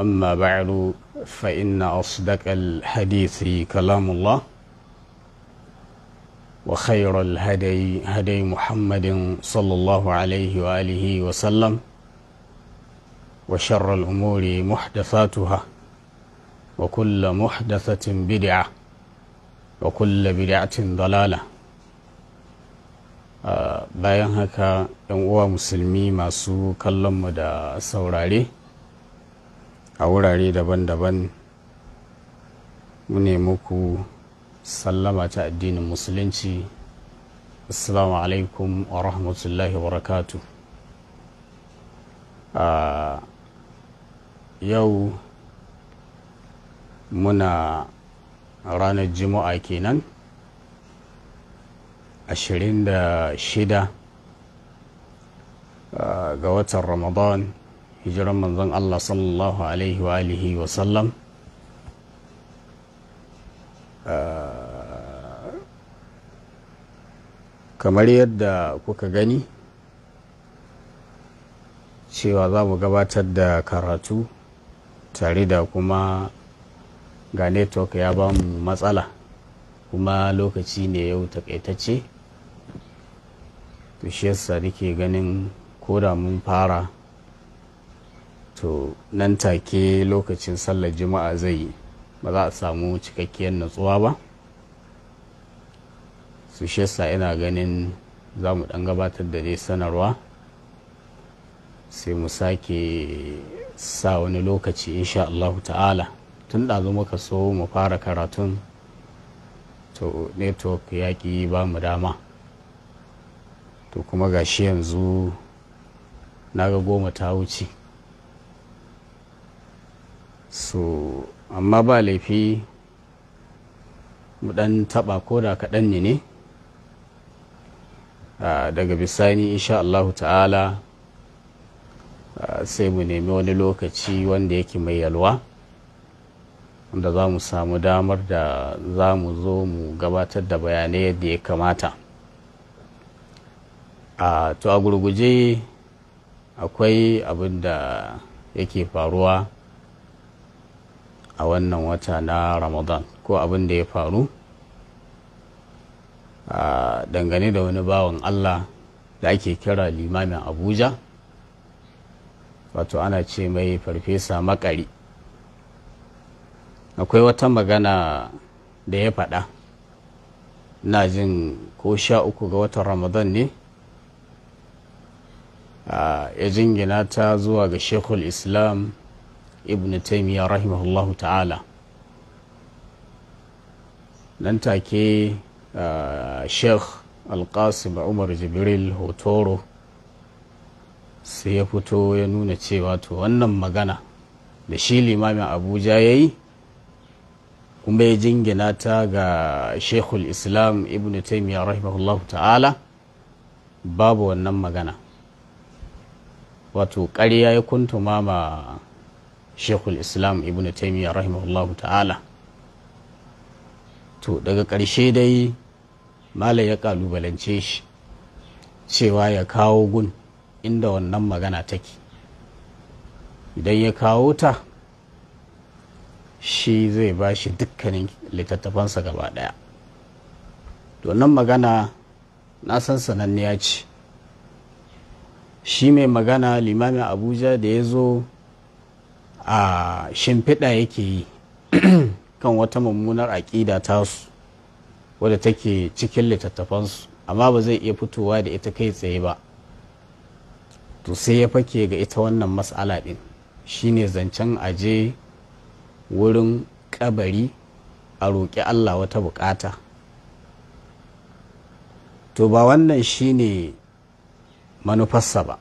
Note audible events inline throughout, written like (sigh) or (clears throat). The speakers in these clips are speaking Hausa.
أما بعد فإن أصدق الحديث كلام الله وخير الهدي هدي محمد صلى الله عليه وآله وسلم وشر الأمور محدثاتها وكل محدثة بدعة وكل بدعة ضلالة آه، بيان هكا مسلمي ما سو كلام دا da a wurare daban-daban mune muku sallama ta addinin musulunci assalamu alaikum wa rahmatullahi barakatu a yau muna ranar juma'a kenan 26 ga watan ramadan hijiran manzon Allah sallallahu alaihi wa alihi wa sallam ah, kamar yadda kuka gani cewa za mu gabatar da karatu tare da kuma ga network ya ba mu matsala kuma lokaci ne yau takaitacce to shi yasa nake ganin koda mun fara to nan take lokacin sallar juma'a zai ba za a samu cikakkiyar natsuwa ba su shesa ina ganin za mu dan gabatar da dai sanarwa sai mu sake sa wani lokaci insha Allah ta'ala tun da muka so mu fara karatun to network ya yaƙi ba mu dama to kuma gashi yanzu na ga goma ta wuce so amma ba laifi mu dan taba koda kaɗan ne ne ah, daga bisani insha Allahu ta'ala ah, sai mu nemi wani lokaci wanda yake mai yalwa wanda za mu samu damar da za mu zo mu gabatar da bayanai yadda ya kamata a ah, to a gurguje akwai abin da yake faruwa a wannan wata na ramadan ko abin da ya faru a dangane da wani bawan allah da ake kira limamin abuja wato ana ce mai farfesa makari akwai wata magana da ya faɗa na jin ko sha uku ga watan ramadan ne ya jingina ta zuwa ga shekul islam ibn taimiyya rahimahullahu ta'ala nan take uh, sheikh alkasim umar jibril hotoro sai ya fito ya nuna cewa to wannan magana da shi limamin abuja ya yi kuma ya jingina ta ga shekul islam ibn taimiyya rahimahullahu ta'ala babu wannan magana wato ƙarya ya kuntuma ma shekul islam ibn taimiyya rahimahullahu ta'ala to daga ƙarshe dai malam ya ƙalubalance shi cewa ya kawo gun inda wannan magana take idan ya kawo ta shi zai ba shi dukkanin littattafansa gaba ɗaya wannan magana na san sananniya ce shi mai magana limamin abuja da ya zo a shimfiɗa yake yi (clears throat) kan wata mummunar aƙida tasu wadda take cikin littattafansu amma ba zai iya fitowa da ita kai tsaye ba to sai ya fake ga ita wannan matsala ɗin shine zancen aje wurin ƙabari a roƙi allah wata buƙata to ba wannan shine manufarsa ba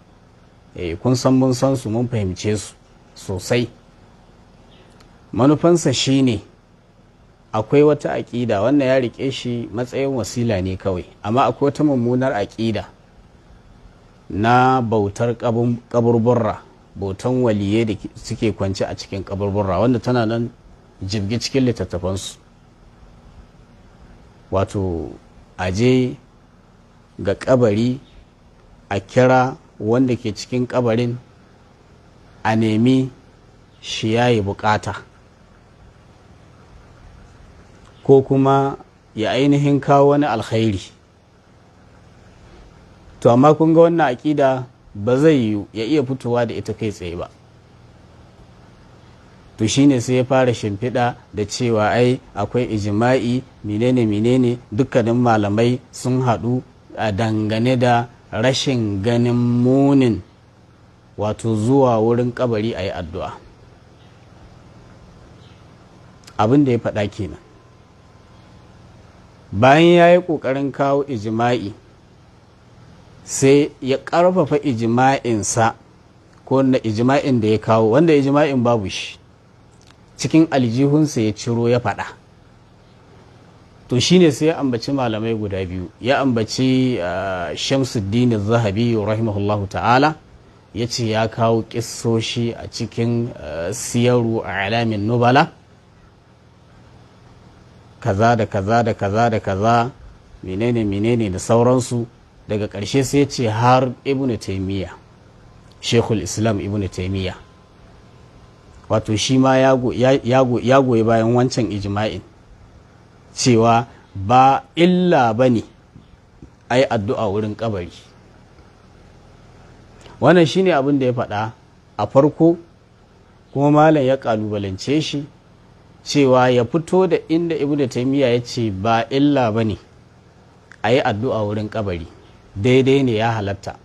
eh, kun san mun san su mun fahimce su sosai manufansa shine akwai wata aƙida wannan ya riƙe shi matsayin wasila ne kawai amma akwai wata mummunar aƙida na bautar kaburburra bautan waliye da suke kwance a cikin kaburburra wanda tana nan jirgi cikin littattafansu wato aje ga ƙabari a kira wanda ke cikin ƙabarin. a nemi shi yayi bukata ko kuma ya ainihin kawo wani alkhairi to amma kun ga wannan aƙida ba zai yiwu ya iya fitowa da ita kai tsaye ba to shine sai ya fara shimfiɗa da cewa ai akwai ijima'i menene menene dukkanin malamai sun haɗu a dangane da rashin ganin munin wato zuwa wurin kabari a yi addu'a abin da ya faɗa kenan bayan ya yi ƙoƙarin kawo ijima'i sai ya ƙarfafa ijima'insa ko na ijima'in da ya kawo wanda ijima'in babu shi cikin aljihunsa ya ciro ya faɗa to shine sai ya ambaci malamai guda biyu ya ambaci ah, shamsuddin zahabi rahimahullahu ta'ala ya ce ya kawo ƙissoshi a cikin eh, siyaru a alamin nubala kaza da kaza da kaza da kaza menene menene da sauransu daga ƙarshe sai ya ce har ibn taimiyya shekul islam ibn taimiyya wato shi ma ya goyi bayan wancan ijma'in cewa ba illa ba ne ai addu'a wurin kabari wannan ne abin da ya faɗa a farko kuma malam ya kalubalance shi cewa ya fito da inda ibnu taymiya ya ce ba illa ba a yi addu'a wurin ƙabari daidai ne ya halatta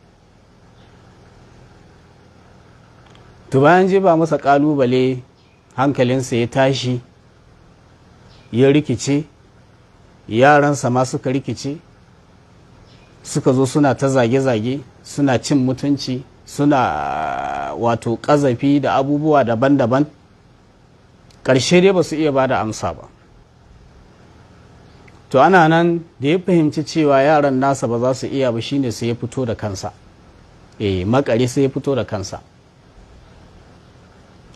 to bayan je ba masa kalubale hankalinsa ya tashi ya rikice yaransa ma suka rikice suka zo suna ta zage-zage suna cin mutunci suna wato ƙazafi da abubuwa daban-daban ƙarshe dai ba su iya ba da amsa ba to ana nan da ya fahimci cewa yaran nasa ba za su iya ba shine sai ya fito da kansa eh makare sai ya fito da kansa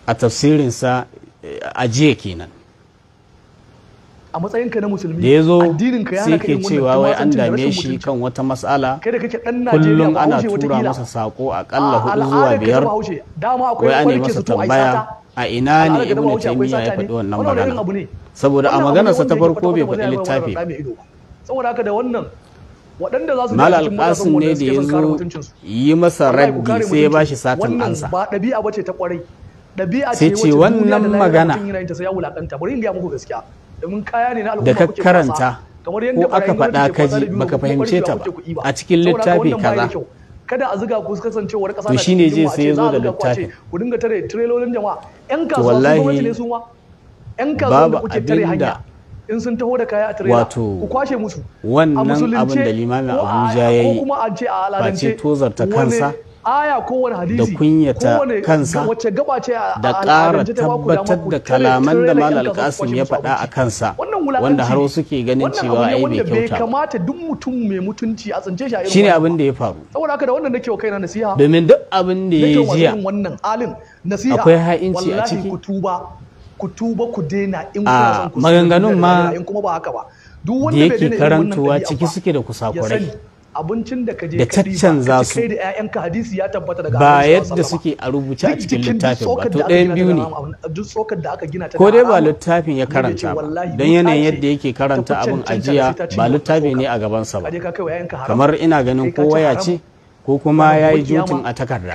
a tafsirinsa eh, ajiye kenan a matsayinka na musulmi da ya zo sai ke cewa wai an dame shi kan wata matsala kullum ana tura masa sako akalla hudu zuwa biyar wai an masa tambaya a ina ne ibn taymiya ya faɗi wannan magana saboda a maganarsa ta farko bai faɗi littafi saboda haka da wannan waɗanda za su mala alƙasin ne da ya zo yi masa raddi sai ya bashi satin ansa ba bace ta kwarai ce wannan magana bari in ga muku gaskiya domin kaya ne na al'umma da ka karanta ko aka faɗa ka ji baka fahimce ta ba a cikin littafi kaza kada a zuga ku kasancewar kasa to shine je sai yazo da littafi ku dinga tare trailolin jama'a yan kasuwa sun gwamnati ne su ma yan kasuwa da kuke tare hanya in sun taho da kaya a trailer ku kwashe musu wannan abin da limamin Abuja yayi ba ce tozarta kansa aya ko wani hadisi da kunyata kansa da ƙara tabbatar da kalaman da mal alƙasim ya faɗa a kansa wanda har wasu ke ganin cewa ai mai kyauta kamata duk mutum mai mutunci a tsince shi a irin shine abin da ya faru saboda haka da wannan nake wa kaina nasiha domin duk abin da ya jiya wannan alin nasiha akwai ha'inci a ciki ku kutuba ku tuba ku daina in kuna son ku maganganun ma in kuma ba haka ba duk wanda bai daina karantuwa ciki suke da kusakurai abincin da ka je ka diba kai da ƴaƴanka hadisi ya tabbata daga ba yadda suke a rubuce a cikin littafin ba to ɗayan biyu ne ko dai ba littafin ya karanta ba don yanayin yadda yake karanta abin ajiya ba littafi ne a gabansa ba kamar ina ganin ko waya ce ko kuma ya yi jutun a takarda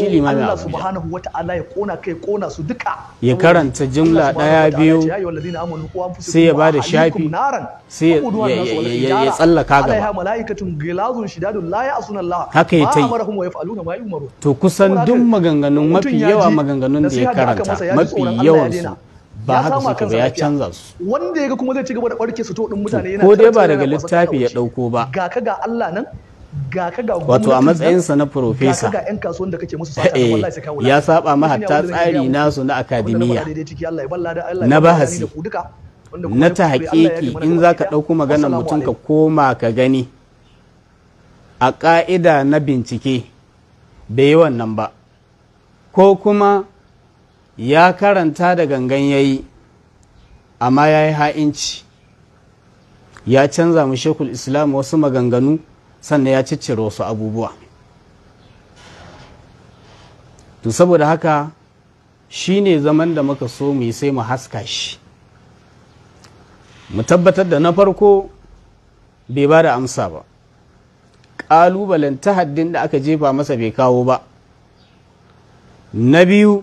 shi limamin Allah subhanahu wa ta'ala ya kona kai kona su duka ya karanta jimla daya biyu sai ya bada shafi sai ya tsallaka gaba haka ya tai to kusan duk maganganun mafi yawa maganganun da ya karanta mafi yawan su ba haka suka ba ya canza su wanda ya ga kuma zai ci gaba da barke su to din mutane yana ko dai ba daga littafi ya dauko ba ga ka ga Allah nan ga ka ga wato a matsayinsa na profesa ga ya saba ma hatta tsari nasu na akademiya na bahasi na ta hakiki in za ka ɗauko maganar mutum ka koma ka gani a ƙa'ida na bincike bai yi wannan ba ko kuma ya karanta da gangan yayi amma ya yi ha'inci ya canza mu shekul islam wasu maganganu sannan ya ciccire wasu abubuwa to saboda haka shi ne zaman da muka so mu yi sai mu haska shi mu tabbatar da na farko bai ba da amsa ba ƙalubalen ta haddin da aka jefa masa bai kawo ba na biyu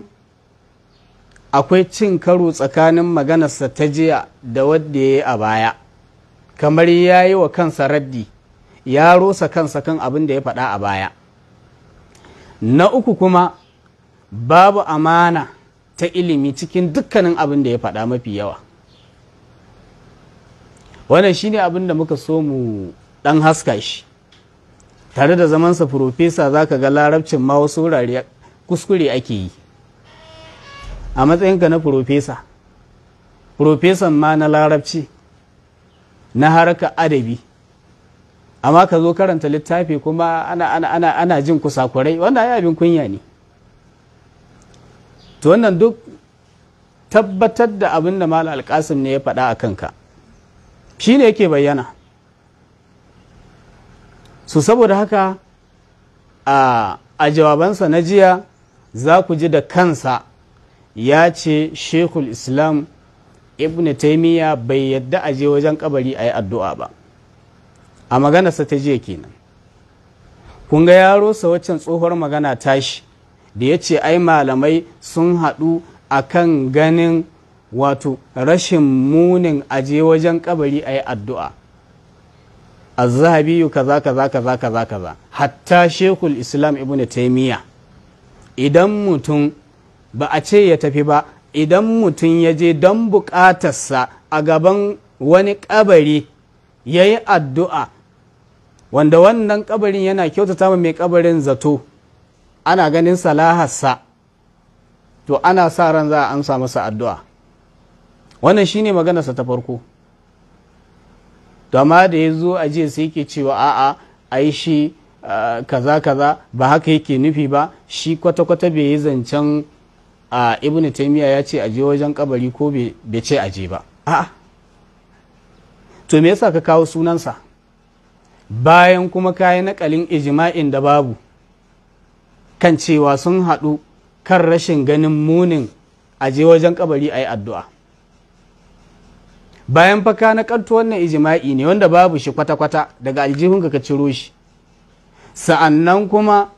akwai cin karo tsakanin maganarsa ta jiya da wadda ya yi a baya kamar ya yi wa kansa raddi ya rosa kansa kan abin da ya faɗa a baya na uku kuma babu amana ta ilimi cikin dukkanin abin da ya faɗa mafi yawa wannan shine abin da muka so mu ɗan haska shi tare da zamansa profesa za ka ga larabcin ma wasu wurare kuskure ake yi a matsayinka na profesa profesan ma na larabci na harkar adabi amma ka zo karanta littafi kuma ana, ana, ana, ana jin kusakurai wannan ya abin kunya ne to wannan duk tabbatar da abin da mal alkasim ne ya faɗa a kanka shi ne yake bayyana su saboda haka a, jawabansa na jiya za ku ji da kansa ya ce shekul islam ibn taimiyya bai yadda a je wajen kabari a yi addu'a ba a maganarsa ta jiya kenan kun ga yaro sa waccan tsohuwar magana tashi da ya ce ai malamai sun haɗu a kan ganin wato rashin munin aje wajen kabari a yi addu'a azzahabiyu kaza kaza kaza kaza kaza hatta shekul islam ibn taimiyya idan mutum ba a ce ya tafi ba idan mutum ya je don buƙatarsa a gaban wani kabari ya yi addu'a wanda wannan kabarin yana kyautata mai kabarin zato ana ganin salaharsa to ana sa ran za a amsa masa addu'a wannan shine maganarsa ta farko dama da ya zo a jiya sai ke cewa a'a ai shi kaza kaza ba haka yake nufi ba shi kwata-kwata bai yi zancen a ibn taimiyya ya ce aje wajen kabari ko bai ce aje ba a'a to me yasa ka kawo sunansa bayan kuma kayi nakalin ijima'in da babu kan cewa sun haɗu kan rashin ganin munin a je wajen kabari a yi addu'a bayan faka na ƙarto wannan ijima'i ne wanda babu shi kwata-kwata daga aljihunka ka ciro shi sa'annan kuma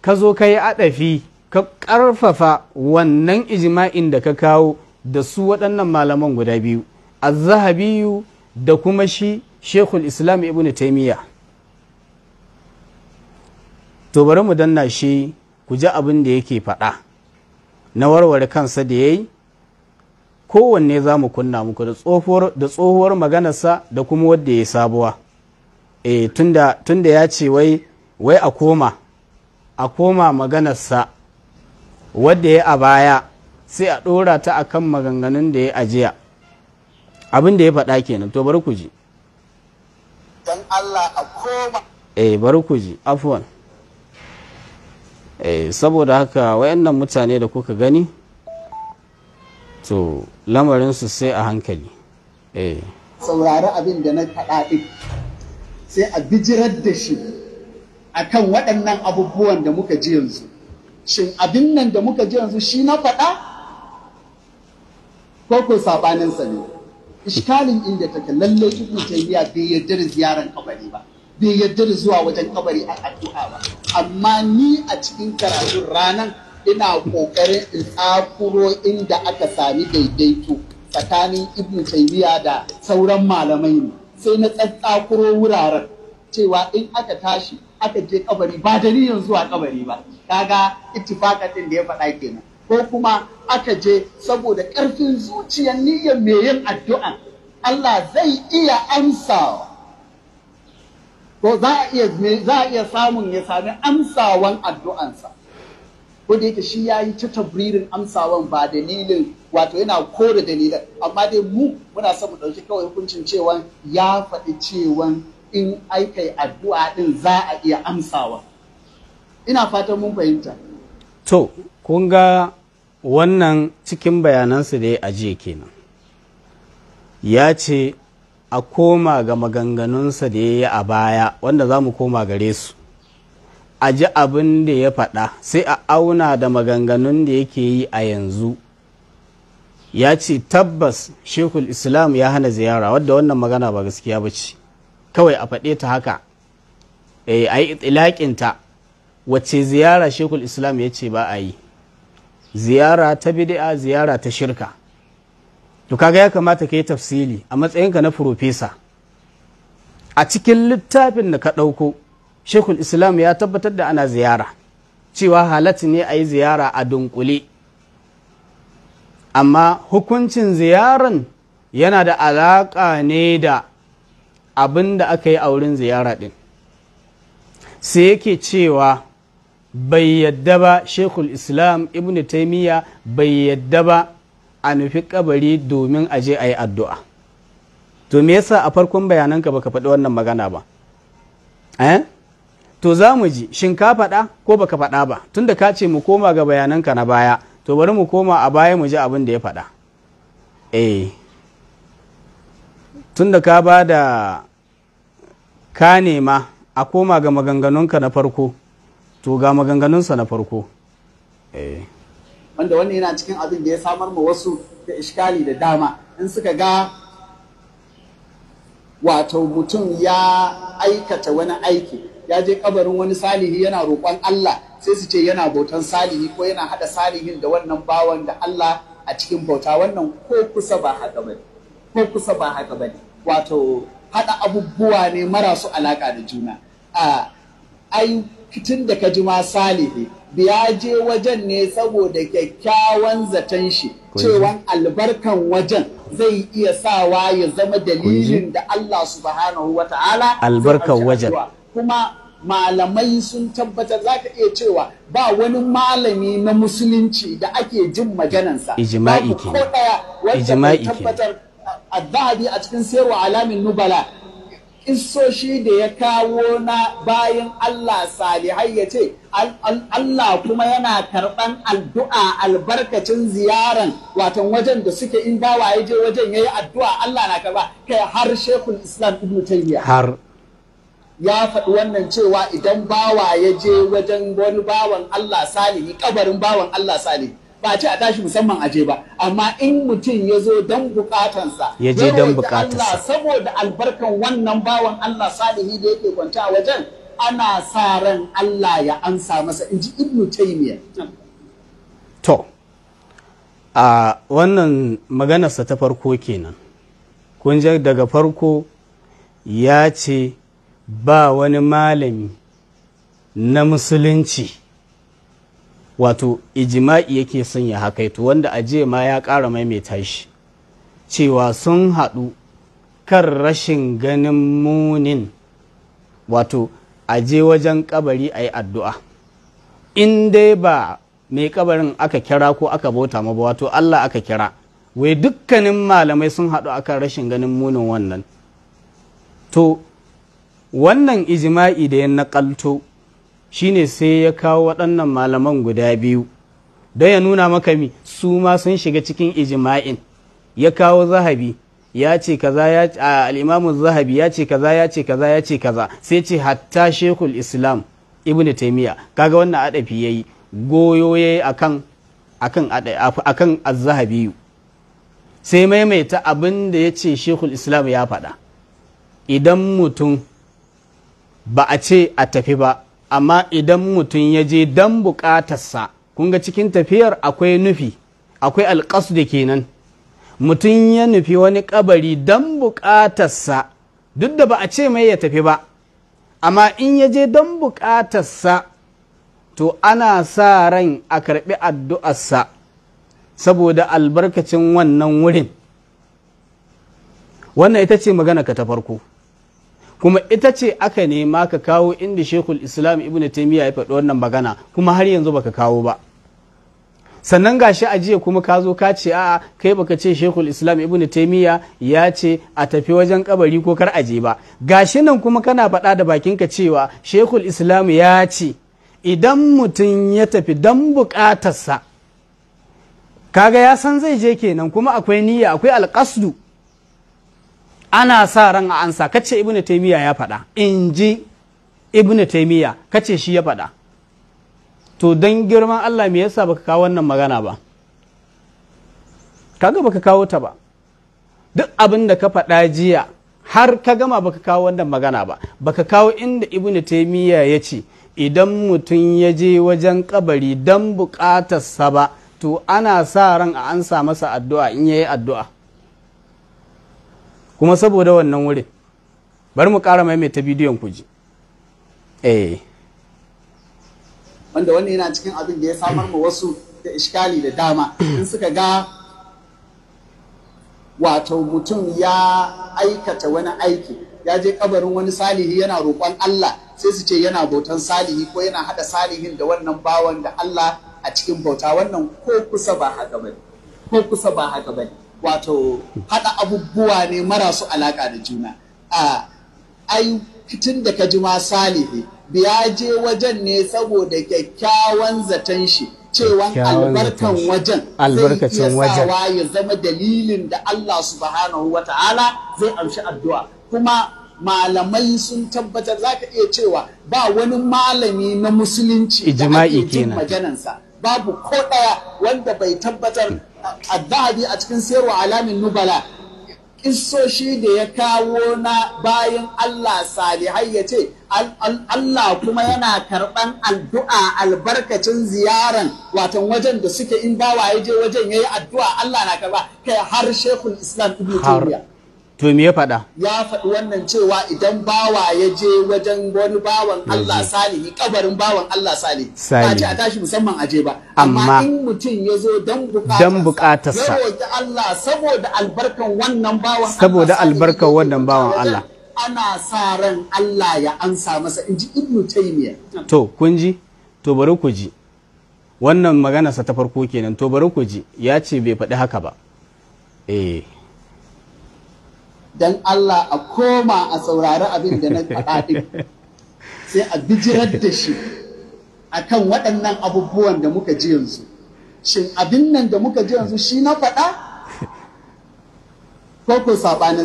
ka zo ka yi adafi ka ƙarfafa wannan ijima'in da ka kawo da su waɗannan malaman guda biyu a zahabiyu da kuma shi shekul islam ibn taimiyya to bari mu danna shi ku ji abin da yake faɗa na warware kansa da ya yi kowanne za mu kunna muku da tsohuwar maganarsa da kuma wadda ya yi sabuwa e, tunda ya ce wai wai a koma a koma maganarsa wadda ya a baya sai a ɗora ta akan maganganun da ya ajiya abin da ya faɗa kenan to bari ku ji don Allah a koma eh bari ku ji afwan eh saboda haka wayannan mutane da kuka gani to lamarin su sai a hankali eh saurari abin da na faɗa sai a bijirar da shi akan waɗannan abubuwan da muka ji yanzu shin abin nan da muka ji yanzu shi na faɗa ko ko saɓaninsa ne iskalin inda take lalle ibnu taymiya bai yarda da ziyaran kabari ba bai yarda da zuwa wajen kabari a addu'a ba amma ni a cikin karatun ranan ina kokarin in tsakuro inda aka sami daidaito tsakanin ibnu taymiya da sauran malamai ne sai na tsatsakuro wuraren cewa in aka tashi aka je kabari ba dalilin zuwa kabari ba kaga ittifaqatin da ya faɗa kenan ko kuma aka je saboda ƙarfin zuciyar niyyar mai yin addu'a Allah zai iya amsa ko za a iya samun ya sami amsawan addu'ansa ko da yake shi ya yi ta tabririn amsawan ba dalilin wato yana kore dalilan amma dai mu muna son mu ɗauki kawai hukuncin cewa ya faɗi cewa in aikai addu'a ɗin za a iya amsawa ina fatan mun fahimta to kun ga wannan cikin bayanansu da ya ajiye kenan ya ce a koma ga maganganunsa da ya yi a baya wanda za mu koma gare su a ji abin da ya faɗa sai a auna da maganganun da yake yi a yanzu ya ce tabbas shekul islam ya hana ziyara wadda wannan magana ba gaskiya ba ce kawai a faɗe ta haka eh, a yi ta wace ziyara shekul islam ya ce ba a yi ziyara ta bid'a ziyara ta shirka to kaga ya kamata ka yi tafsili a matsayinka na furofesa a cikin littafin da ka ɗauko shekul islam ya tabbatar da ana ziyara cewa halatta ne a yi ziyara a dunkule amma hukuncin ziyaran yana da alaƙa ne da abin da aka yi a wurin ziyara ɗin sai yake cewa bai yadda ba shekul islam ibn taimiyya bai yadda ba a nufi kabari domin aje a yi addu'a to me yasa a farkon bayananka baka faɗi wannan magana ba eh? to za mu ji shin ka faɗa ko baka faɗa ba tunda ka ce mu koma ga bayananka na baya to bari mu koma a baya mu ji abin da ya faɗa eh tunda ka ba da ka nema a koma ga maganganunka na farko to ga maganganunsa na farko eh. wanda wannan yana cikin abin da ya samar ma wasu da iskali da dama in suka ga wato mutum ya aikata wani aiki ya je kabarin wani salihi yana roƙon Allah sai su ce yana bautan salihi ko yana hada salihin da wannan bawan da Allah a cikin bauta wannan ko kusa ba haka bane ko kusa ba haka bane wato hada abubuwa ne marasu alaka da juna a ah, ai tun da ka ji ma salihi biya je wajen ne saboda kyakkyawan zaton shi cewan albarkan wajen zai iya sawa ya zama dalilin da Allah subhanahu wa ta'ala albarkan wajen kuma malamai sun tabbatar za ka iya cewa ba wani malami na musulunci da ake jin maganansa ijima'i ke ijima'i ke a cikin sayarwa alamin nubala kissoshi da ya kawo na bayan Allah salihai ya ce Allah kuma yana karɓan addu'a albarkacin ziyaran watan wajen da suke in bawa ya je wajen ya yi addu'a Allah na karɓa kai har shekul islam ibn taymiya har ya faɗi wannan cewa idan bawa ya je wajen wani bawan Allah salihi kabarin bawan Allah salihi ba ce a tashi musamman aje ba amma in mutum ya zo don bukatansa ya je don bukatansa saboda albarkan wannan bawan Allah salihi da yake kwanta a wajen ana sa ran Allah ya ansa masa inji ibnu taymiya to a wannan maganarsa ta farko kenan kun daga farko ya ce ba wani malami na musulunci wato ijima'i yake son ya to wanda aje ma ya ƙara maimaita shi cewa sun haɗu kan rashin ganin munin wato aje wajen kabari a yi addu'a in dai ba mai kabarin aka kira ko aka bauta ma ba wato Allah aka kira wai dukkanin malamai sun haɗu akan rashin ganin munin wannan to wannan ijima'i da ya naƙalto shine sai ya kawo waɗannan malaman guda biyu don ya nuna maka mi su ma sun shiga cikin ijima'in ya kawo zahabi ya ce kaza ya ce al'imamu zahabi ya ce kaza ya ce kaza ya ce kaza sai ce hatta shekul islam ibn taimiyya kaga wannan adafi yayi goyo yayi akan akan akan az sai maimaita abin da ya ce shekul islam ya faɗa idan mutum ba a ce a tafi ba amma idan mutum ya je dan bukatarsa kun cikin tafiyar akwai nufi akwai alƙasu da kenan mutum ya nufi wani ƙabari dan bukatarsa duk da ba a ce mai ya tafi ba amma in ya je don bukatarsa to ana sa ran a karɓi addu'arsa saboda albarkacin wannan wurin wannan ita ce magana ka ta farko kuma ita ce aka nema ka kawo inda shekul islam ibn taimiyya ya faɗi wannan magana kuma har yanzu baka kawo ba sannan gashi a jiya kuma ka zo ka ce a'a kai baka ce shekul islam ibn taimiyya ya ce a tafi wajen kabari ko kar aje ba gashi nan kuma kana faɗa da bakinka cewa shekul islam ya ce idan mutum ya tafi don buƙatarsa kaga ya san zai je kenan kuma akwai niyya akwai alƙasdu ana sa ran a ansa kace ibnu taymiya ya faɗa in ji ibnu taymiya kace shi ya faɗa to don girman Allah me yasa baka kawo wannan magana ba kaga baka kawo ta ba duk abin da ka faɗa jiya har ka gama baka kawo wannan magana ba baka kawo inda ibnu taymiya ya ce idan mutum ya je wajen kabari don buƙatarsa ba to ana sa ran a ansa masa addu'a in yayi addu'a kuma saboda wannan wurin bari mu ƙara maimaita bidiyon ku ji eh wanda wannan yana cikin abin da ya samar ma wasu da iskali da dama in suka ga wato mutum ya aikata wani aiki ya je kabarin wani salihi yana roƙon Allah sai su ce yana bautan salihi ko yana hada salihin da wannan bawan da Allah a cikin bauta wannan ko kusa ba haka bane ko kusa ba haka bane wato haɗa abubuwa ne marasu alaƙa da juna a ai fitin da ka ji ma salihi biya je wajen ne saboda kyakkyawan zaton shi cewan albarkan wajen zai iya sawa ya zama dalilin da Allah subhanahu wa ta'ala zai amshi addu'a kuma malamai sun tabbatar za ka iya cewa ba wani malami na musulunci da ake jin maganansa babu ko ɗaya wanda bai tabbatar addahabi a cikin sayarwa alamin nubala kissoshi da ya kawo na bayan Allah salihai ya ce Allah kuma yana karɓan addu'a albarkacin ziyaran watan wajen da suke in bawa ya je wajen ya yi addu'a Allah na karɓa kai har shekul islam ibn taymiyyah To me ya faɗa? Ya faɗi wannan cewa idan bawa ya je wajen wani bawan Allah salihi kabarin bawan Allah salihi. Ba ce a tashi musamman aje ba. Amma in mutum ya zo don bukatarsa. Ya roƙi Allah saboda albarkan wannan bawan Allah. Saboda albarkan wannan bawan Allah. Ana sa ran Allah ya ansa masa in ji ibnu Taymiyyah. To kun ji? To bari ku ji. Wannan maganarsa ta farko kenan to bari ku ji ya ce bai faɗi haka ba. Eh don Allah a koma a saurari abin da na faɗa (laughs) sai a bijirar da shi a kan waɗannan abubuwan da muka ji yanzu shin abin nan da muka ji yanzu shi na faɗa (laughs) ko ko sa ne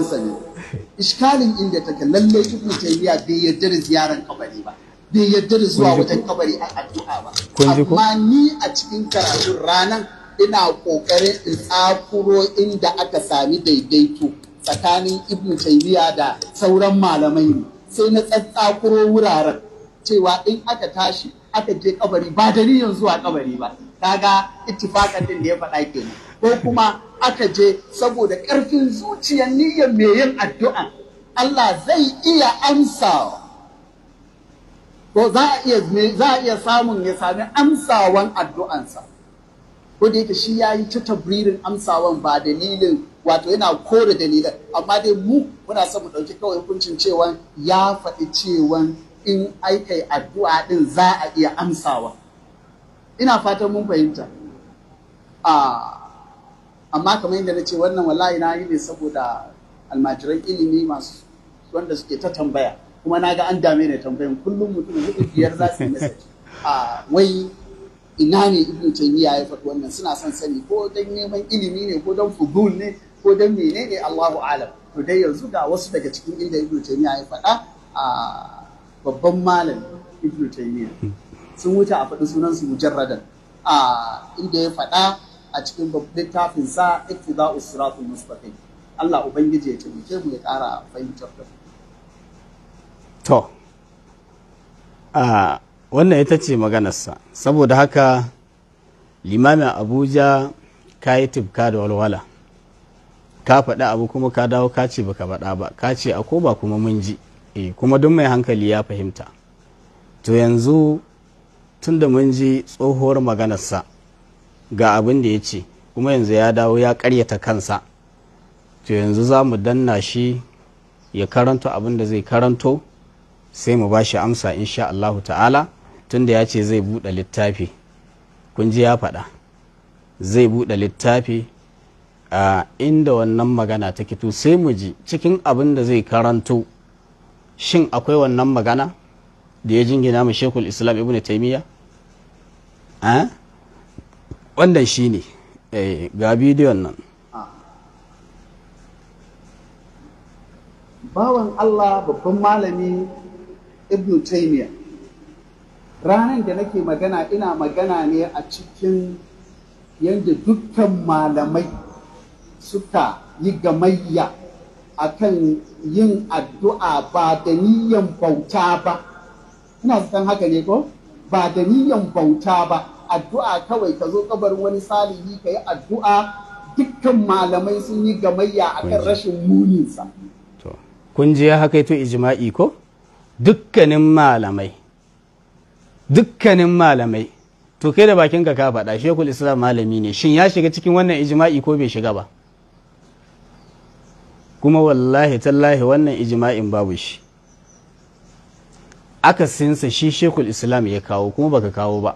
iskalin inda take lalle ibnu taymiya bai yarda da ziyaran kabari ba bai yarda da zuwa wajen kabari a addu'a ba amma ni a cikin karatun ranan ina kokarin in tsakuro inda aka sami daidaito tsakanin Ibn taymiya da sauran malamai ne sai na tsatsakuro wuraren cewa in aka tashi aka je kabari ba da yanzu a kabari ba kaga ittifakan din da ya faɗa kenan ko kuma aka je saboda ƙarfin zuciyar niyyar mai yin addu'a Allah zai iya amsa ko za a iya iya samun ya sami amsawan addu'ansa ko da yake shi yayi ta tabririn amsawan ba dalilin wato yana kore dalilan amma dai mu muna son mu ɗauki kawai hukuncin cewa ya faɗi cewa in yi addu'a din za a iya amsawa ina fatan mun fahimta amma kamar yadda na ce wannan wallahi na yi ne saboda almajiran ilimi masu wanda suke ta tambaya kuma na ga an dame ne tambayan kullum mutum hudu biyar za su yi message a wai ina ne ibn taymiya ya faɗi wannan suna son sani ko don neman ilimi ne ko don fugul ne ko dan ne Allahu alam to dai yanzu ga wasu daga cikin inda Ibn Taymiyyah ya faɗa a babban malam Ibn Taymiyyah hmm. sun wuce a faɗi sunan su mujarradan a inda ya faɗa a cikin littafin sa a siratul mustaqim Allah ubangiji ya taimake mu ya ƙara fahimtar da to a wannan ita ce maganarsa saboda haka limamin abuja ka yi tibka da walwala ka faɗa abu kuma ka dawo ka ce baka faɗa ba ka ce a ko ba kuma mun ji e kuma duk mai hankali ya fahimta to yanzu tun da mun ji tsohuwar maganarsa ga abin da ya ce kuma yanzu ya dawo ya karyata kansa to yanzu za mu danna shi ya karanto abin da zai karanto sai mu ba shi amsa insha Allahu ta'ala tun da ya ce zai buɗe littafi kun ji ya faɗa zai buɗe littafi inda wannan magana ta to sai mu ji cikin abin da zai karanto shin akwai wannan magana da ya jingina mu shekul islam ibn taimiyya wannan shi ne eh, ga bidiyon nan ah. bawan allah babban malami ibn taimiyya ranar da nake magana ina magana ne a cikin yadda dukkan malamai suka yi gamayya a kan yin addu'a ba da niyan bauta ba ina san haka ne ko ba da niyan bauta ba addu'a kawai ka zo kabarin wani salihi ka yi addu'a dukkan malamai sun yi gamayya kan rashin muninsa kun ji ya haka to ijima'i ko dukkanin malamai dukkanin malamai to kai da bakin ka ka faɗa shekul islam malami ne shin ya shiga cikin wannan ijima'i ko bai shiga ba kuma wallahi tallahi wannan ijima'in babu shi aka sinsa shi shekul islam ya kawo kuma baka kawo ba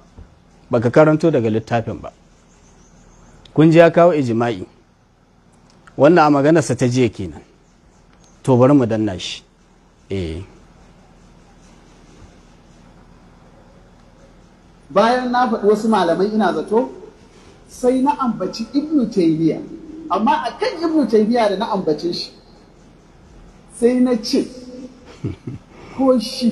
baka karanto daga littafin ba kun ji ya kawo ijima'i wannan a maganarsa ta jiya kenan to bari mu danna shi eh bayan na faɗi wasu malamai ina zato sai na ambaci ibnu taymiyyah amma a kan ibnu taymiya da na ambace shi sai na ce ko shi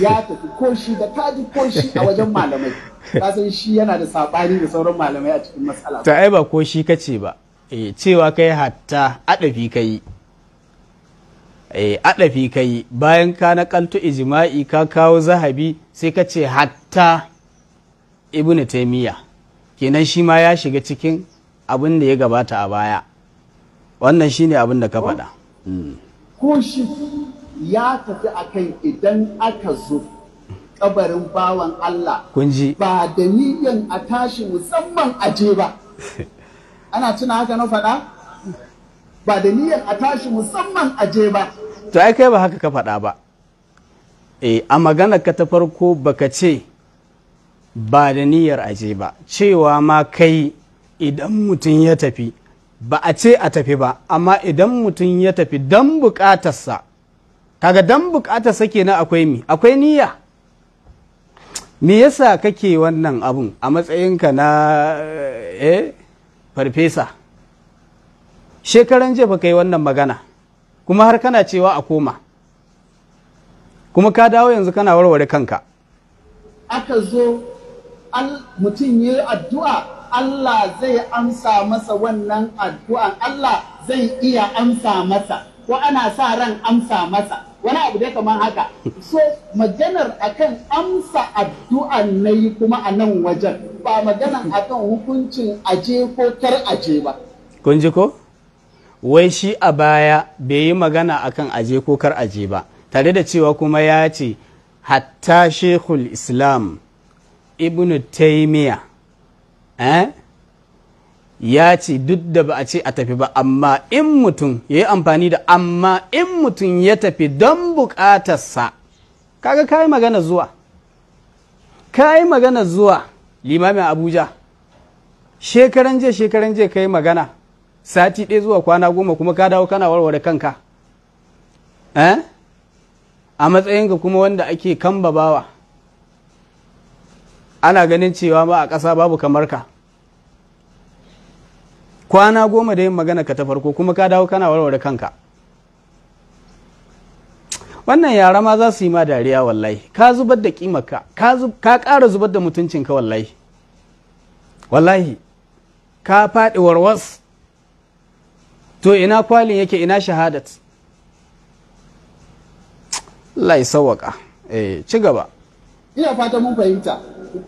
ya tafi ko shi da taji ko shi a wajen malamai ka san shi yana da sabani da sauran malamai a cikin matsala ta ai ba ko shi kace ba eh cewa kai hatta adafi kai eh adafi kai bayan ka nakalto ijma'i ka kawo zahabi sai ka ce hatta ibnu taymiya kenan shi ma ya shiga cikin abin da ya gabata a baya wannan shine abin da ka oh. faɗa hmm. ko shi ya tafi akan idan aka zo kabarin bawan Allah kunji ba da niyan a tashi musamman aje ba (laughs) ana tuna haka na faɗa ba da niyan a tashi musamman aje ba to ai kai ba haka ka faɗa ba eh, a magana ka ta farko baka ce ba da niyyar aje ba cewa ma kai idan mutum ya tafi ba a ce a tafi ba amma idan mutum ya tafi don bukatarsa kaga don bukatarsa kenan akwai mi akwai niyya me yasa kake wannan abun a matsayinka na eh, farfesa shekaran jiya ba yi wannan magana kuma har kana cewa a koma kuma ka dawo yanzu kana warware kanka aka zo mutum ya yi addu'a Allah zai amsa masa wannan addu'an Allah zai iya amsa masa ko ana sa ran amsa masa wani abu dai kamar haka so maganar akan amsa addu'an na yi kuma a nan wajen ba maganar akan hukuncin aje ko kar aje ba kun ji ko wai shi a baya bai yi magana akan aje ko kar aje ba tare da cewa kuma ya ce hatta shekul islam ibn Taymiyyah. Eh? ya ce duk da ba a ce a tafi ba amma in mutum ya yi amfani da amma in mutum ya tafi don bukatarsa kaga ka yi magana zuwa ka yi magana zuwa limamin abuja shekaran je shekaran je ka yi magana sati ɗaya zuwa kwana goma kuma ka dawo kana warware kanka eh? a matsayinka kuma wanda ake kambabawa ana ganin cewa ma a ƙasa babu kamar ka kwana goma da yin magana ka ta farko kuma ka dawo kana warware kanka wannan yara ma za su yi ma dariya wallahi ka zubar da kimarka ka ƙara zubar da mutuncinka wallahi wallahi ka faɗi warwas to ina kwalin yake ina shahadat lai ya eh ci gaba ina fata mun fahimta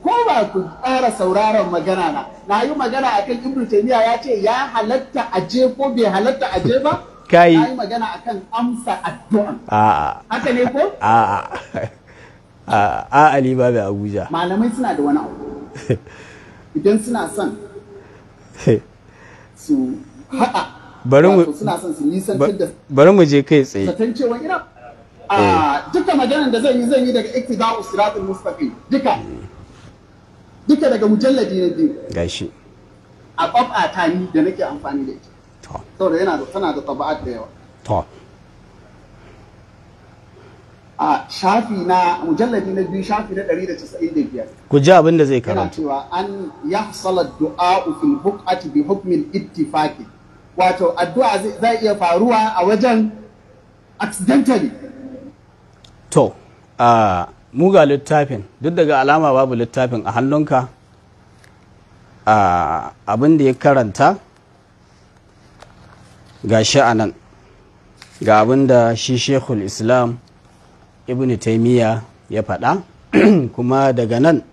ku ba ku ƙara sauraron magana na na yi magana akan ibnu Taimiyya ya ce ya halatta je ko bai halatta je ba na yi magana akan amsa addu'a a'a haka ne ko a'a a'a ali babu abuja malamai suna da wani abu (laughs) idan suna son su haɗa bari mu suna son su nisantar da je kai tsaye ina a eh. duka maganar da zan yi zan yi daga iktida'u siratul mustaqim duka hmm. duka daga mujalladi na biyu gashi a ƙwab'a ta ni da nake amfani da ita to saboda yana da tana da taba'at da yawa to a shafi na mujalladi na biyu shafi na 195 ku ji abin da zai karanta yana cewa an ya yahsala du'a ufin buq'ati bi hukmin ittifaki wato addu'a zai iya faruwa a wajen accidentally to uh, mu ga littafin duk daga alama babu littafin a hannunka abin da ya karanta ga shi a nan ga abin da shi shekul islam ibn taimiyya ya faɗa (clears throat) kuma daga nan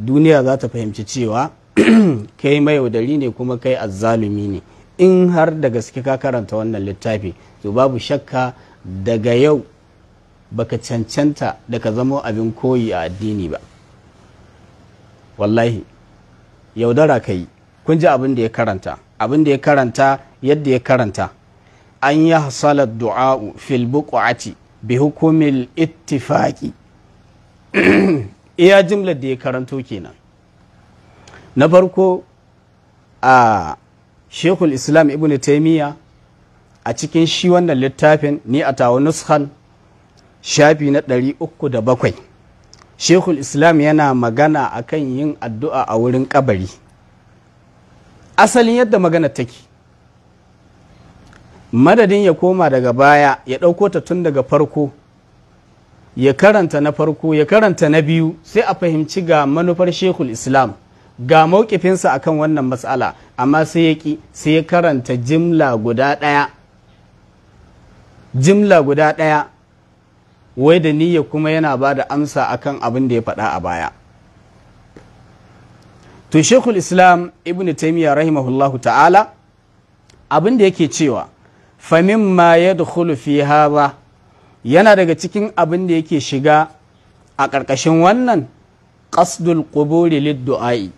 duniya za ta fahimci cewa (clears throat) kai mayaudari ne kuma kai azzalumi ne in har da gaske ka karanta wannan littafi to babu shakka daga yau baka cancanta da ka zama abin koyi a addini ba wallahi yaudara ka yi kun ji abin da ya karanta abin da ya karanta yadda ya karanta an yi hasalar du'a'u fil buqati bi hukumil ittifaki (clears throat) iya jimlar da ya karanto kenan na farko a shekul islam ibn taimiyya a cikin shi wannan littafin ni a tawo nuskan shafi na ɗari uku 307 shekul islam yana magana akan yin addu'a a wurin kabari asalin yadda magana take madadin ya koma daga baya ya ɗauko ta tun daga farko ya karanta na farko ya karanta na biyu sai a fahimci ga manufar shekul islam ga maukifinsa akan wannan matsala amma sai ya ƙi sai ya karanta jimla guda ɗaya jimla guda ɗaya wai da niyya kuma yana ba da amsa kan abin da ya faɗa a baya to shekul islam ibn taimiyya rahimahullahu ta'ala abin da yake cewa famin ma ya fi haza yana daga cikin abin da yake shiga a ƙarƙashin wannan ƙasdul ƙuburi liddu'ai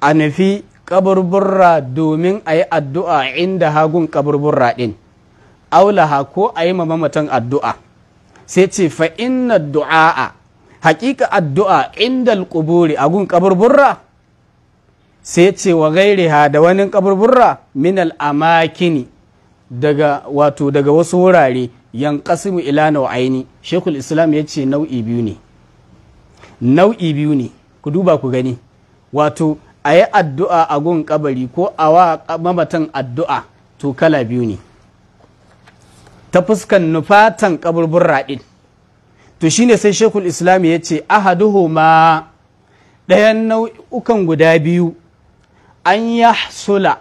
a nufi ƙaburburra domin a yi addu'a inda hagun ƙaburburra ɗin aulaha ko a yi mamatan addu'a sai ce fa inna du'a haƙiƙa addu'a inda alƙuburi a gun kaburburra sai ce wa ha da wani kaburburra min al'amakini daga wato daga wasu wurare yan ƙasimu ila nau'aini shekul islam ya ce nau'i biyu ne nau'i biyu ne ku duba ku gani wato a yi addu'a a gun ƙabari ko a wa mamatan addu'a to kala biyu ne ta fuskan nufatan kaburbura ɗin to shine sai shekul islam ya ce ma ɗayan nau'ukan guda biyu an ya hasula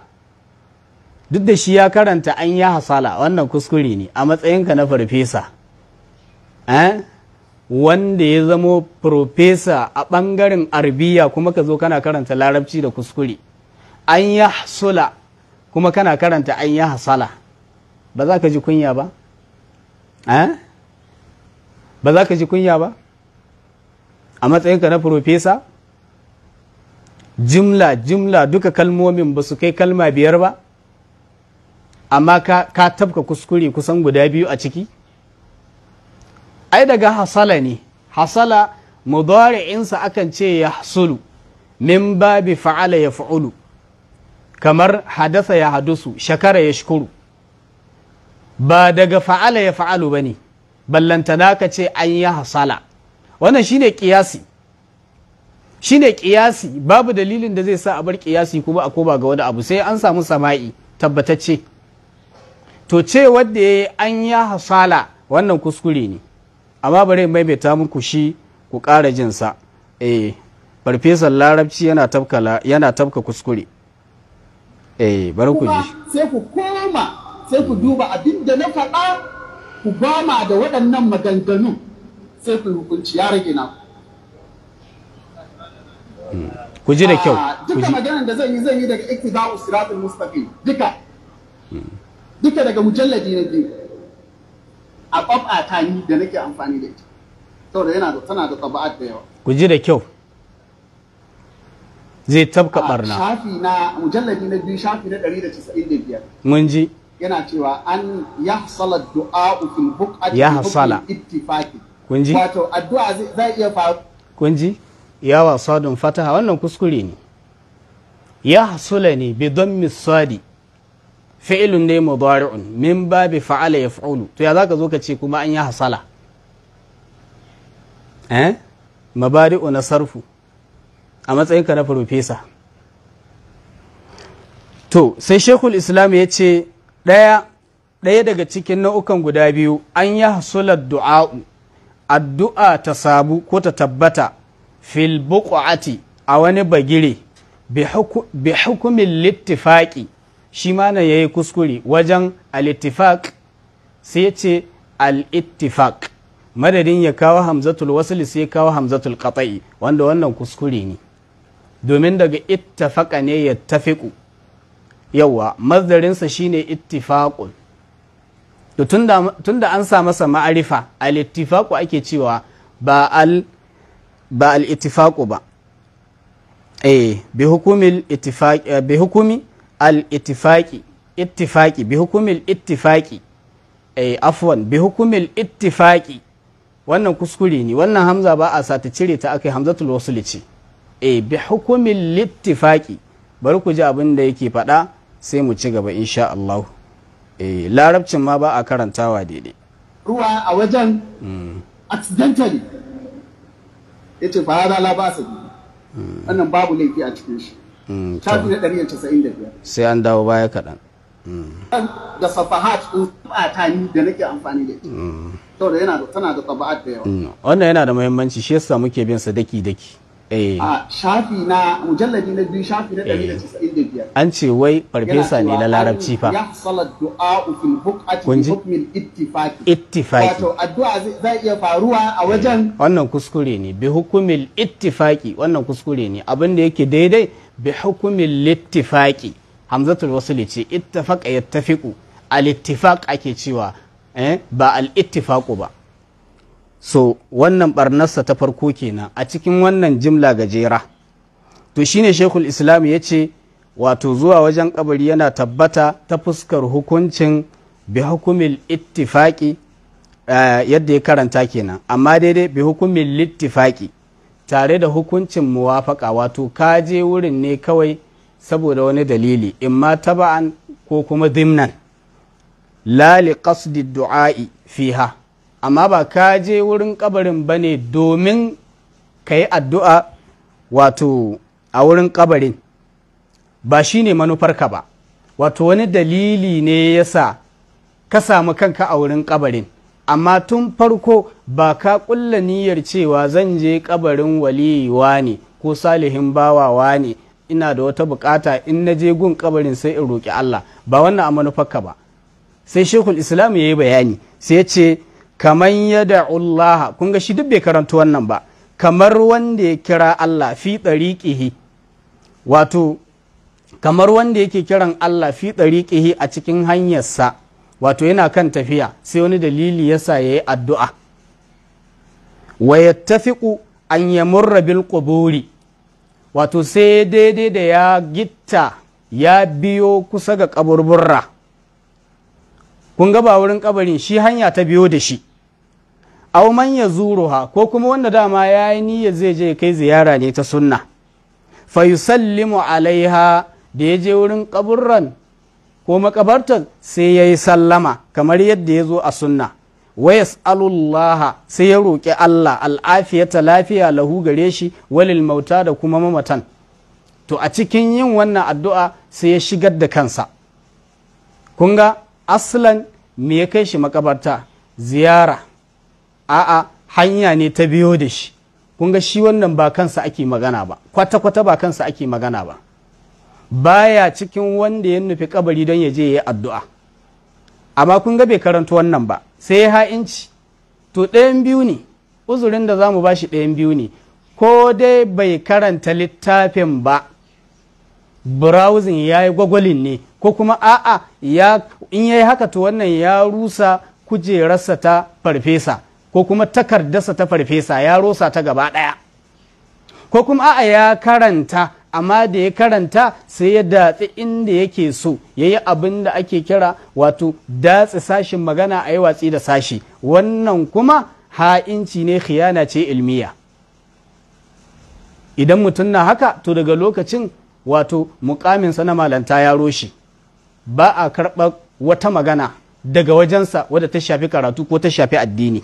duk da shi ya karanta an ya hasala wannan kuskure ne a matsayinka na farfesa eh? wanda ya zamo farfesa a ɓangaren arbiya kuma ka zo kana karanta larabci da kuskure an ya hasula kuma kana karanta an ya hasala ba za ka ji kunya ba Eh? ba za ka ji kunya ba a matsayinka na profesa jimla jimla duka kalmomin ba su kai kalma biyar ba amma ka, ka tabka kuskure kusan guda biyu a ciki ai daga hasala ne hasala mudari'insa akan ce ya hasulu min babi fa'ala ya fa'ulu kamar hadasa ya hadusu shakara ya shukuru ba daga fa'ala ya fa'alu ba ne ballantana ka ce an yi hasala wannan shine kiyasi ne kiyasi babu dalilin da zai sa a bar kiyasi kuma a koba ga wani abu sai an samu sama'i tabbatacce to ce wadda ya yi an yi hasala wannan kuskure ne amma bari maimaita muku shi ku ƙara jinsa eh farfesan larabci yana tafka kuskure eh bari ku ji sai ku koma sai ku duba abin da na faɗa ku gwama da waɗannan maganganu sai ku hukunci ya rage na ku hmm. ji da kyau ah, duka maganar da zan yi zan yi daga iktida'u siratul mustaqim duka hmm. duka daga mujalladi na biyu a ƙwaɓa ta ni da nake amfani da ita saboda yana da tana da ƙwaɓa da yawa ku ji da kyau zai tabka barna ah, shafi na mujalladi na biyu shafi na 195 mun ji yana cewa an ya hasala du'a ufin buq'ati ya hasala kunji wato addu'a zai iya faru kunji ya wasa don fataha wannan kuskure ne ya hasula ne bi don misali fi'ilun ne mudari'un min babi fa'ala ya fa'ulu to ya zaka zo ka ce kuma an ya hasala eh mabari'u na sarfu a matsayinka na farfesa to sai shekul islam ya ce ɗaya ɗaya daga cikin nau'ukan guda biyu an yi hasular du'a'u addu'a ta sabu ko ta tabbata fil buqati a wani bagire bi hukumin littifaƙi shi ma na yayi kuskure wajen al sai ya ce al madadin ya kawo hamzatul wasli sai ya kawo hamzatul katai, wanda wannan kuskure ne domin daga ittafaqa ne ya tafiku yawa mazdarinsa shine ittifaqun to tunda an sa masa ma'arifa al-ittifaqu ake cewa ba al ba al-ittifaqu ba eh bi hukumil ittifaqi eh, bi hukumi al-ittifaqi ittifaqi bi al ittifaqi eh afwan bi al ittifaqi wannan kuskure ne wannan hamza ba a sata cire ta akai hamzatul wasl ce eh bi al ittifaqi bari ku ji abin da yake faɗa sai mu ci gaba insha Allah eh larabcin ma ba a karantawa daidai ruwa a wajen hmm. accidentally ya ce fara la ba su hmm. wannan babu laifi a cikin shi hmm, shafi na 195 sai an dawo baya kaɗan da safahat ɗin ta ni da nake amfani da ita saboda yana da tana da taba'at da yawa wannan yana da muhimmanci shi yasa muke bin sa daki daki Eh. a shafi eh. an ce wai farfesa ne na larabci fa ya salat a eh. wajen wannan kuskure ne bi hukumil ittifaqi wannan kuskure ne abin da yake daidai bi hukumil ittifaqi hamzatul wasli ce ittafaqa yattafiqu al ittifaq ake cewa ba al ittifaqu ba so wannan barnarsa ta farko kenan a cikin wannan jimla gajera to shine shekul islam ya ce wato zuwa wajen kabari yana tabbata ta fuskar hukuncin bi hukumin ittifaki eh, yadda ya karanta kenan amma daidai bi hukumin littifaki tare da hukuncin muwafaka wato kaje wurin ne kawai saboda wani dalili in ma taba'an ko kuma zimnan lali qasdi du'a'i fiha amma ba ka je wurin kabarin ba ne domin ka yi addu'a wato a wurin kabarin ba shi ne manufarka ba wato wani dalili ne ya sa ka samu kanka a wurin kabarin amma tun farko ba ka ƙulla niyyar cewa zan je kabarin waliyuwa ne ko salihin bawawa ne ina da wata bukata in na je gun kabarin sai in roƙi Allah ba wannan a manufarka ba sai shekul islam ya yi bayani sai ya ce kamar yadda Allah kun ga shi duk bai karanto wannan ba kamar wanda ya kira Allah fi ɗariƙihi wato kamar wanda yake kiran Allah fi ɗariƙihi a cikin hanyarsa wato yana kan tafiya sai wani dalili yasa ya yi addu'a wa ku? an yamurra bil quburi wato sai daidai da ya gitta ya biyo kusa ga ƙaburburra kun ga ba wurin ƙabarin shi hanya ta biyo da shi aw man zuruha, ko kuma wanda dama ya yi niyyar zai je kai ziyara ne ta sunna fa yusallimu alaiha da ya je wurin kaburran ko makabartar sai ya yi sallama kamar yadda ya zo a sunna wa yas'alullaha sai ya roƙi Allah al'afiyata lafiya lahu gare shi walil mauta da kuma mamatan to a cikin yin wannan addu'a sai ya shigar da kansa kun ga aslan me ya kai shi makabarta ziyara a'a hanya ne ta biyo da shi kun ga shi wannan ba kansa ake magana ba kwata-kwata ba kansa ake magana ba baya cikin wanda ya nufi kabari don ya je ya yi addu'a amma kun ga bai karanta wannan ba sai ya ha'inci to ɗayan biyu ne uzurin da za mu ba shi ɗayan biyu ne ko dai bai karanta littafin ba browsing ya yi gwagwalin ne ko kuma a'a in ya yi haka to wannan ya rusa kujerarsa ta farfesa ko kuma takardarsa ta farfesa ya rosa ta gaba ɗaya ko kuma a'a ya karanta amma da ya karanta sai ya datsi inda yake so ya yi abin da ake kira wato datsi sashin magana a yi watsi da sashi wannan kuma ha'inci ne khiyana ce ilmiya idan mutum na haka to daga lokacin wato mukaminsa na malanta ya roshi ba a karɓar wata magana daga wajensa wadda ta shafi karatu ko ta shafi addini.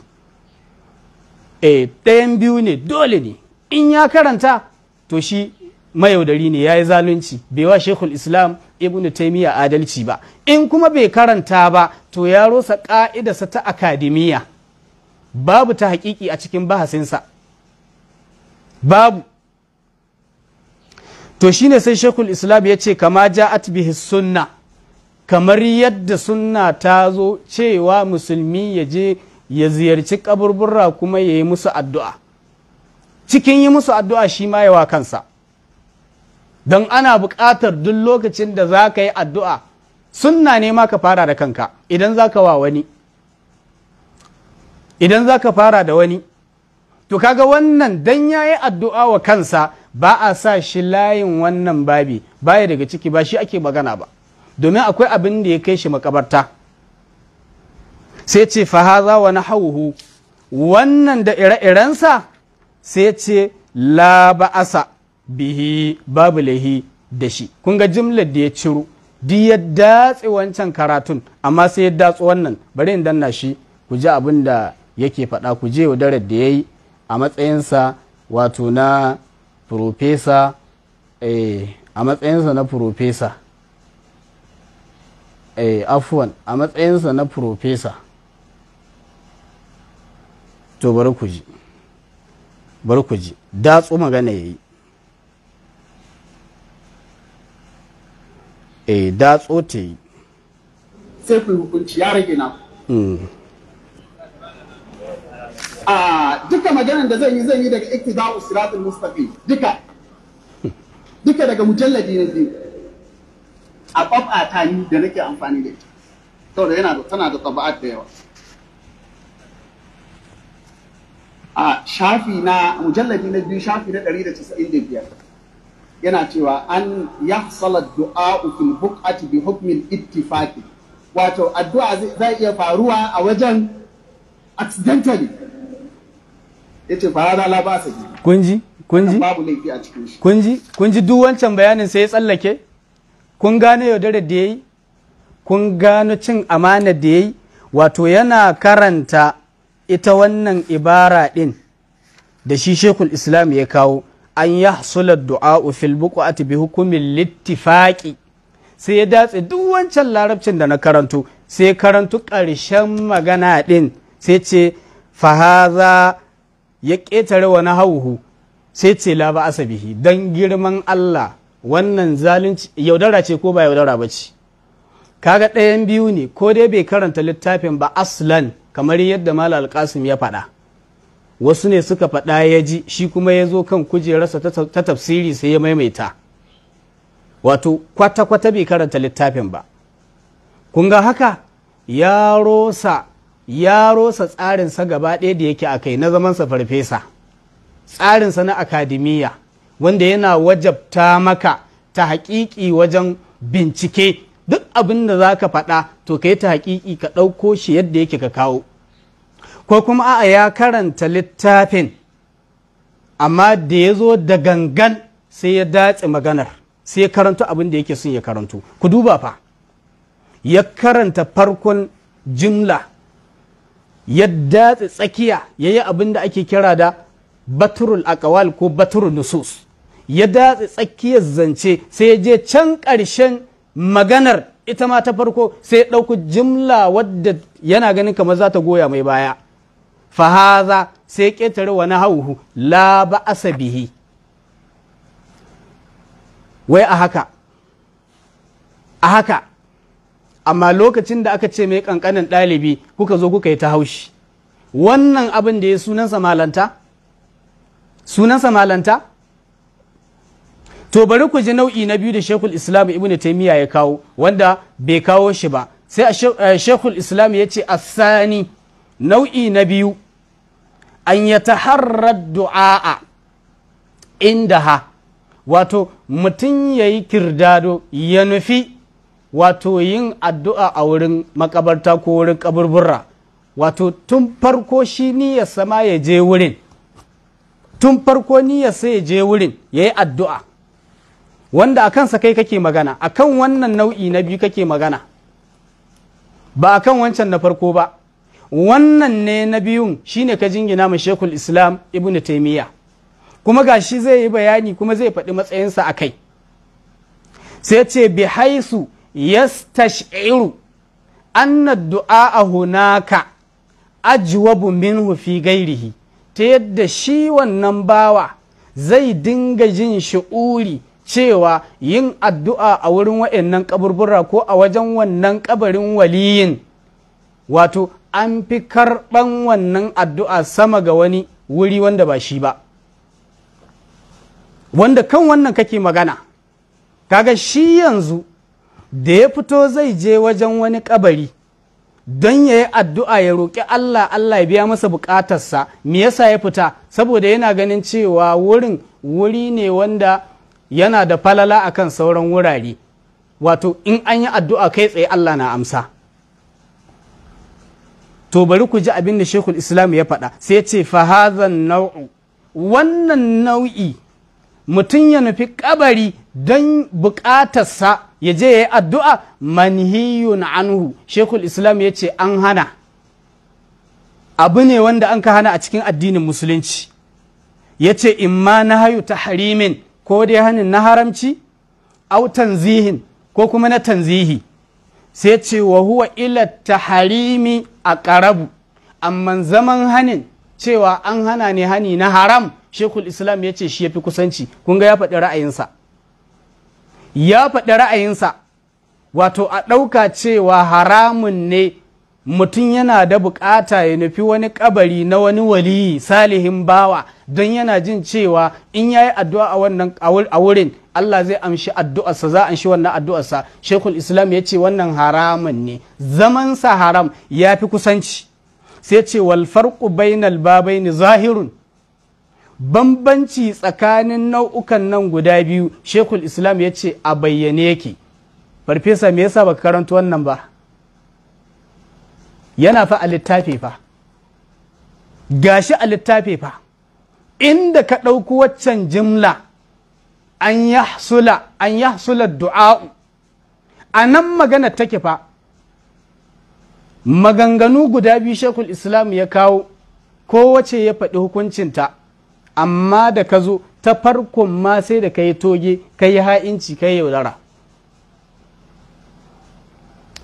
eh ɗayan biyu ne dole ne in ya karanta to shi mayaudari ne ya yi zalunci bai wa shekul islam ibn taimiyya adalci ba in kuma bai karanta ba to ya rosa ƙa'idarsa ta akademiya babu ta haƙiƙi a cikin bahasinsa babu to ne sai shekul islam ya ce kama ja'at bihi sunna kamar yadda sunna ta zo cewa musulmi ya je ya ziyarci kaburbura kuma ya yi musu addu'a cikin yi musu addu'a shi ma yawa kansa don ana buƙatar duk lokacin da za ka yi addu'a sunna ne ka fara da kanka idan za ka wa wani idan za ka fara da wani to kaga wannan dan ya yi addu'a wa kansa ba a sa shi layin wannan babi baya daga ciki ba shi ake magana ba domin akwai abin da ya kai shi makabarta. sai ce fahaza wa hauhu wannan da ire-irensa sai ce la ba'asa bihi babu lahi da shi kun ga jimlar da ya ciro di ya datse wancan karatun amma sai ya datse wannan bari in danna shi ku ji abin da yake faɗa ku je wa darar da ya yi a matsayinsa wato na profesa eh, a matsayinsa na profesa eh, afuwan a matsayinsa na profesa to bari ku ji bari ku ji datsu magana yayi yi eh datso ta yi sai ku hukunci ya rage na hmm. a ah, duka maganar da zan yi zan yi daga iktida'u siratul mustaqim duka duka daga mujalladi ne biyu a ƙwab'ata ni da nake amfani da ita saboda yana da tana da tabi'at da yawa a shafi na mujalladi na biyu shafi na 195 yana cewa an ya yahsala du'a fil bukati bi hukmin ittifaki wato addu'a zai iya faruwa a wajen accidentally ya ce fara la ba kunji kunji babu laifi a cikin shi kunji kunji duk wancan bayanin sai ya tsallake kun gane yaudarar da yi kun gano cin amana da yi wato yana karanta ita wannan ibara ɗin da shi shekul islam ya kawo an yi hasular du'a'u fil buƙa'ati bi hukumin littifaƙi sai ya datse duk wancan larabcin da na karantu sai karantu ƙarshen magana ɗin sai ce fahaza ya ƙetare wani hauhu sai ce la ba asabihi don girman Allah wannan zalunci yaudara ce ko ba yaudara ba ce kaga ɗayan biyu ne ko dai bai karanta littafin ba aslan kamar yadda malal alƙasim ya faɗa wasu ne suka faɗa ya ji shi kuma ya zo kan kujerarsa ta tafsiri sai ya maimaita wato kwata-kwata bai karanta littafin ba kun ga haka ya rosa ya rosa tsarinsa gaba ɗaya da yake a kai na zaman farfesa tsarinsa na akademiya wanda yana wajabta maka ta haƙiƙi wajen bincike duk abin da za ka faɗa to ka ta haƙiƙi ka ɗauko shi yadda yake ka kawo ko kuma a'a ya karanta littafin amma da ya zo da gangan sai ya datse maganar sai ya karanto abin da yake son ya karanto ku duba fa ya karanta farkon jimla ya datse tsakiya ya yi abin da ake kira da baturul akawal ko baturul nusus ya datse tsakiyar zance sai ya je can ƙarshen maganar ita ma ta farko sai ɗauku jimla wadda yana ganin kamar za ta goya mai baya fahaza sai ƙetare wani hauhu la ba asabihi wai a haka a haka amma lokacin da aka ce mai ƙanƙanin ɗalibi kuka zo kuka yi ta haushi wannan abin da ya sunansa samalanta sunansa to bari ku ji nau'i na biyu da shekul islam ibn taimiyya ya kawo wanda bai kawo shi ba sai a shekul eh, islam ya ce asani nau'i na biyu an ya taharrar du'a'a inda ha wato mutum ya yi kirdado ya nufi wato yin addu'a a wurin makabarta ko wurin kaburbura wato tun farko shi niyyar sama ya je wurin tun farko niyyar sai ya je wurin ya yi addu'a wanda a kansa kai kake magana a kan wannan nau'i na biyu kake magana ba a kan wancan na farko ba wannan ne na biyun shine ka jingina mai shekul islam ibn taimiyya kuma ga shi zai yi bayani kuma zai faɗi matsayinsa a kai sai ce bi haisu yastashiru anna du'a hunaka ajwabu minhu fi gairihi ta yadda shi wannan bawa zai dinga jin shi'uri cewa yin addu'a a wurin wa'annan kaburbura ko a wajen wannan kabarin waliyin wato an fi karɓan wannan addu'a sama ga wani wuri wanda ba shi ba wanda kan wannan kake magana kaga shi yanzu da ya fito zai je wajen wani kabari don ya yi addu'a ya roƙi Allah Allah ya biya masa buƙatarsa me yasa ya fita saboda yana ganin cewa wurin wuri ne wanda yana da falala akan sauran wurare wato in an yi addu'a kai tsaye Allah na amsa to bari ku ji abin da shekul islam ya faɗa sai ce fahazan nau'u wannan nau'i mutum ya nufi kabari don bukatarsa ya je ya yi addu'a manhiyun anhu shekul islam ya ce an hana abu ne wanda an ka hana a cikin addinin musulunci ya ce imma na hayu ta harimin ko dai hanin na haramci au tanzihin ko kuma na tanzihi sai ce wa huwa ila Harimi a karabu amma zaman hanin cewa an hana ne hani na haram shekul islam ya ce shi ya fi kusanci kun ga ya faɗi ra'ayinsa ya faɗi ra'ayinsa wato a ɗauka cewa haramun ne mutum yana da bukata ya nufi wani kabari na wani waliyi salihin bawa don yana jin cewa in yayi addu'a a wannan a wurin Allah zai amshi addu'arsa za amshi wannan addu'arsa shekul Islam ya ce wannan haramun ne zaman sa haram ya fi kusanci sai ce wal farqu bainal babaini zahirun bambanci tsakanin nau'ukan nan guda biyu shekul Islam ya ce a bayyane yake farfesa me yasa baka karanta wannan ba yana fa a littafi fa gashi a littafi fa inda ka ɗauku waccan jimla an sula, an sula du'a'u a nan magana take fa maganganu guda biyu shekul islam ya kawo kowace ya faɗi hukuncinta amma da ka zo ta farkon ma sai da ka yi toge ka yi ha'inci ka yi yaudara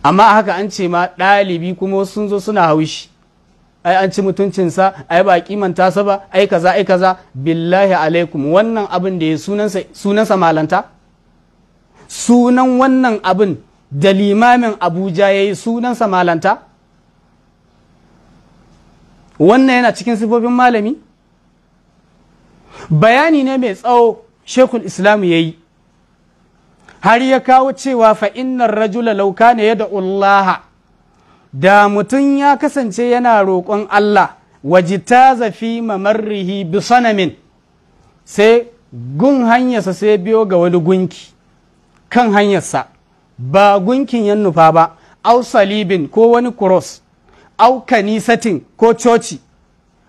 amma haka an ce ma ɗalibi kuma sun zo suna haushi ai an ci mutuncinsa ai ba kimanta sa ba ai kaza ai kaza billahi alaikum wannan abin da ya sunansa sunansa malanta sunan wannan abin da limamin abuja ya yi sunansa malanta wannan yana cikin sifofin malami bayani ne mai tsawo shekul islamu ya yi har ya kawo cewa fa innar rajula lauka ne ya da da mutum ya kasance yana roƙon Allah wajita zafi mamarrihi bi sanamin sai gun hanyarsa sai biyo ga wani gunki kan hanyarsa ba gunkin yan nufa ba au salibin ko wani kuros au kanisatin ko coci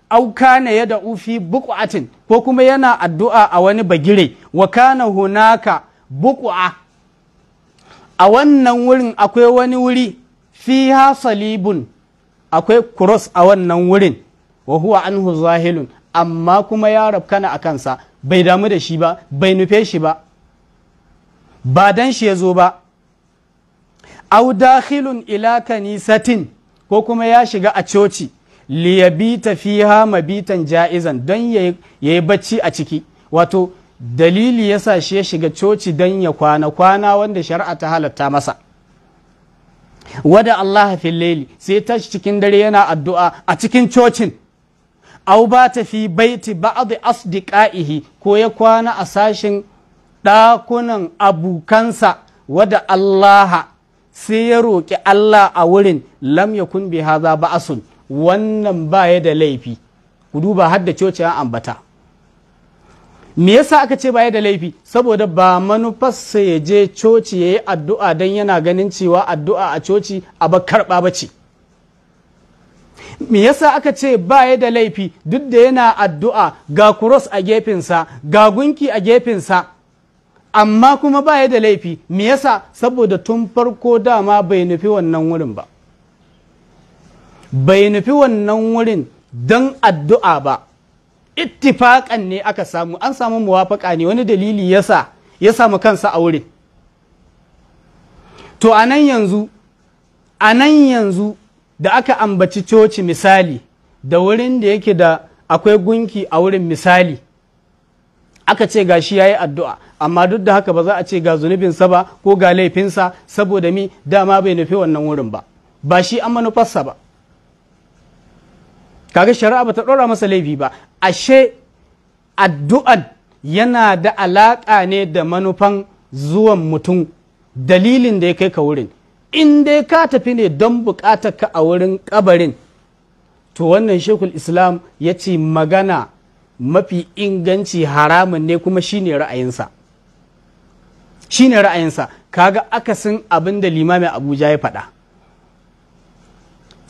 au kana ya ufi buƙatin ko kuma yana addu'a a wani bagire wa kana hunaka buku'a a wannan wurin akwai wani wuri fiha salibun akwai cross a wannan wurin wa huwa anhu zahilun amma kuma ya rabkana a kansa bai damu da shi ba bai nufe shi ba ba dan shi ya zo ba au dakhilun ila kanisatin ko kuma ya shiga a coci liyabita fiha mabitan ja'izan don yayi bacci a ciki wato dalili ya sa shi ya shiga coci don ya kwana kwana wanda shari'a ta halatta masa wada Allah fil laili sai tashi cikin dare yana addu'a a cikin cocin au ba ta fi baiti ba'd asdiqaihi ko ya kwana a sashen ɗakunan abukansa wada Allah sai ya roƙi Allah a wurin lam yakun bi hadha ba'asun wannan ba ya da laifi ku duba hadda cocin an ambata me yasa aka ce baya da laifi saboda ba manufarsa ya je coci ya yi addu'a don yana ganin cewa addu'a a coci a ba karɓa ba ce me yasa aka ce baya da laifi duk da yana addu'a ga kuros a gefensa ga gunki a gefensa amma kuma baya da laifi me yasa saboda tun farko dama bai nufi wannan wurin ba bai nufi wannan wurin don addu'a ba ittifaƙan ne aka samu an samu muwafaƙa ne wani dalili yasa ya samu kansa a wurin to a nan yanzu a nan yanzu da aka ambaci coci misali da wurin da yake da akwai gunki a wurin misali aka ce ga shi ya yi addu'a amma duk da haka ba za a ce ga zunubinsa ba ko ga laifinsa saboda mi dama bai nufi wannan wurin ba ba shi an manufarsa ba kaga shari'a ba ta ɗora masa laifi ba ashe addu'an yana da alaƙa ne da manufan zuwan mutum dalilin da ya kai ka wurin in dai ka tafi ne don buƙatar ka a wurin ƙabarin to wannan shekul islam ya ce magana mafi inganci haramun ne kuma shine ra'ayinsa shine ra'ayinsa kaga akasin abin da limamin abuja ya faɗa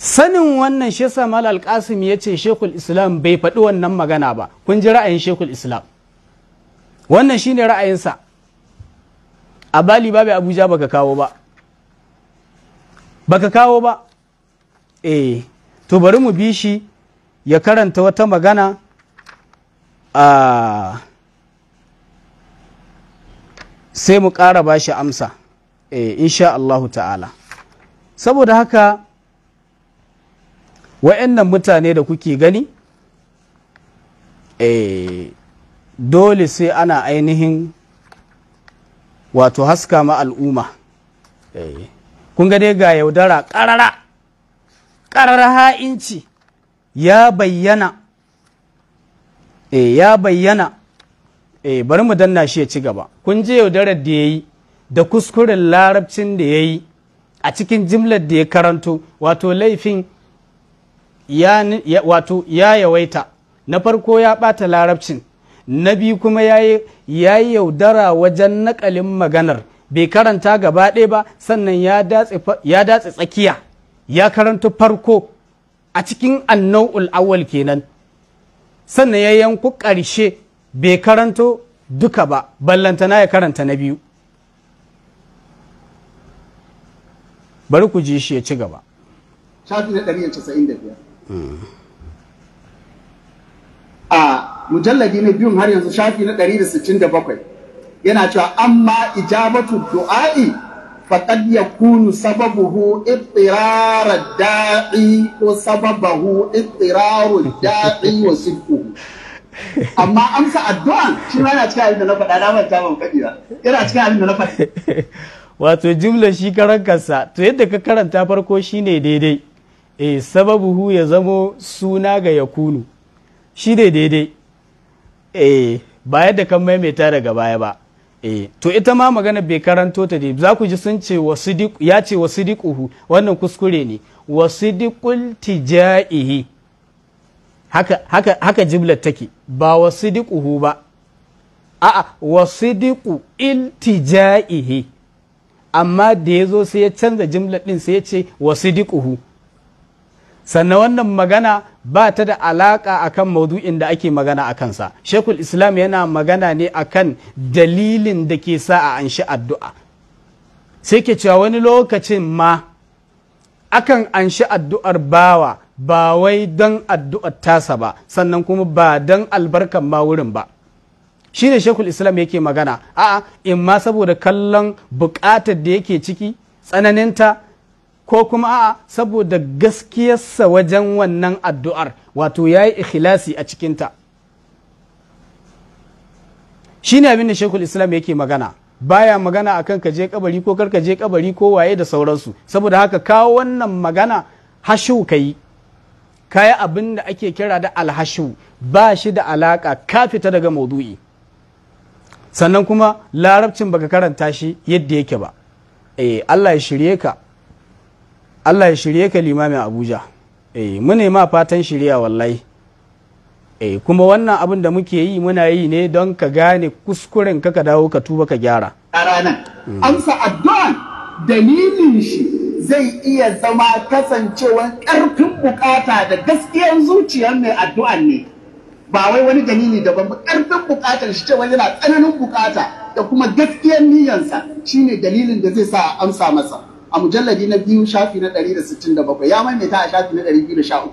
sanin wannan shi yasa mal Alƙasim ya ce shekul islam bai faɗi wannan magana ba kun ji ra'ayin shekul islam wannan shi ne ra'ayinsa a bali babu abuja baka kawo ba baka kawo ba eh to bari mu bi shi ya karanta wata magana a sai mu ƙara ba shi amsa eh insha Allahu ta'ala saboda haka wa'annan mutane da kuke gani eh, dole sai ana ainihin wato haska ma al'umma eh, kun ga dai ga yaudara ƙarara ƙarara ha'inci ya bayyana e, ya bayyana eh, bari mu danna shi ya ci gaba kun je yaudarar da ya yi da kuskuren larabcin da ya yi a cikin jimlar da ya karanto wato laifin wato ya yawaita na farko ya ɓata larabcin na biyu kuma ya yi yaudara wajen nakalin maganar bai karanta gaba ɗaya ba sannan ya datse tsakiya ya karanta farko a cikin annau'ul awwal kenan sannan ya yanku ƙarshe bai karanto duka ba ballantana ya karanta na biyu bari ku ji shi ya ci gaba a mujalladi na biyun har yanzu shafi na 167 yana cewa amma ijabatu du'a'i faqad yakunu sababuhu ittirar da'i ko sababahu ittirar da'i wa sidquhu amma amsa addu'a shi ma yana cikin abin da na faɗa na manta ban faɗi ba yana cikin abin da na faɗi wato jumla shi karan to yadda ka karanta farko shine daidai e sababuhu ya zamo suna ga yakunu shi dai daidai e ba yadda kan maimaita daga baya ba e to ita ma magana bai karanto ta dai za ku ji sun ce ya ce wasu wannan kuskure ne wasu tijaihi haka haka haka jimlar take ba wasu ba a'a wasu diƙu iltijaihi amma da ya zo sai ya canza jimlar ɗin sai ya ce wasu sannan wannan magana ba ta da alaƙa akan maudu'in da ake magana a kansa shekul islam yana magana ne akan dalilin da ke sa a anshi addu'a sai ke cewa wani lokacin ma akan anshi addu'ar bawa ba wai don addu'ar tasa ba sannan kuma ba don albarkan ma wurin ba shi ne shekul islam yake magana a'a in ma saboda kallon bukatar da yake ciki tsananinta ko kuma a saboda gaskiyarsa wajen wannan addu'ar wato ya yi ikhilasi a cikinta shi ne abin da shekul islam yake magana baya magana akan ka je kabari ko karka je kabari ko waye da sauransu saboda haka kawo wannan magana hashu ka yi kaya abin da ake kira da alhashu ba shi da alaka ka fita daga maudu'i sannan kuma larabcin baka karanta shi yadda yake ba eh Allah ya shirye ka Allah ya shirye ka limamin Abuja eh mu ma fatan shirya wallahi eh kuma wannan abin da muke yi muna yi ne don ka gane kuskuren ka ka dawo ka tuba ka gyara a amsa addu'an dalilin shi zai iya zama kasancewa ƙarfin bukata da gaskiyar zuciyar mai addu'an ne ba wai wani dalili daban ba ƙarfin bukatar shi cewa yana tsananin bukata da kuma gaskiyar niyyarsa shine dalilin da zai sa amsa masa a mujalladi na biyu shafi na 167 ya maimaita a shafi na 213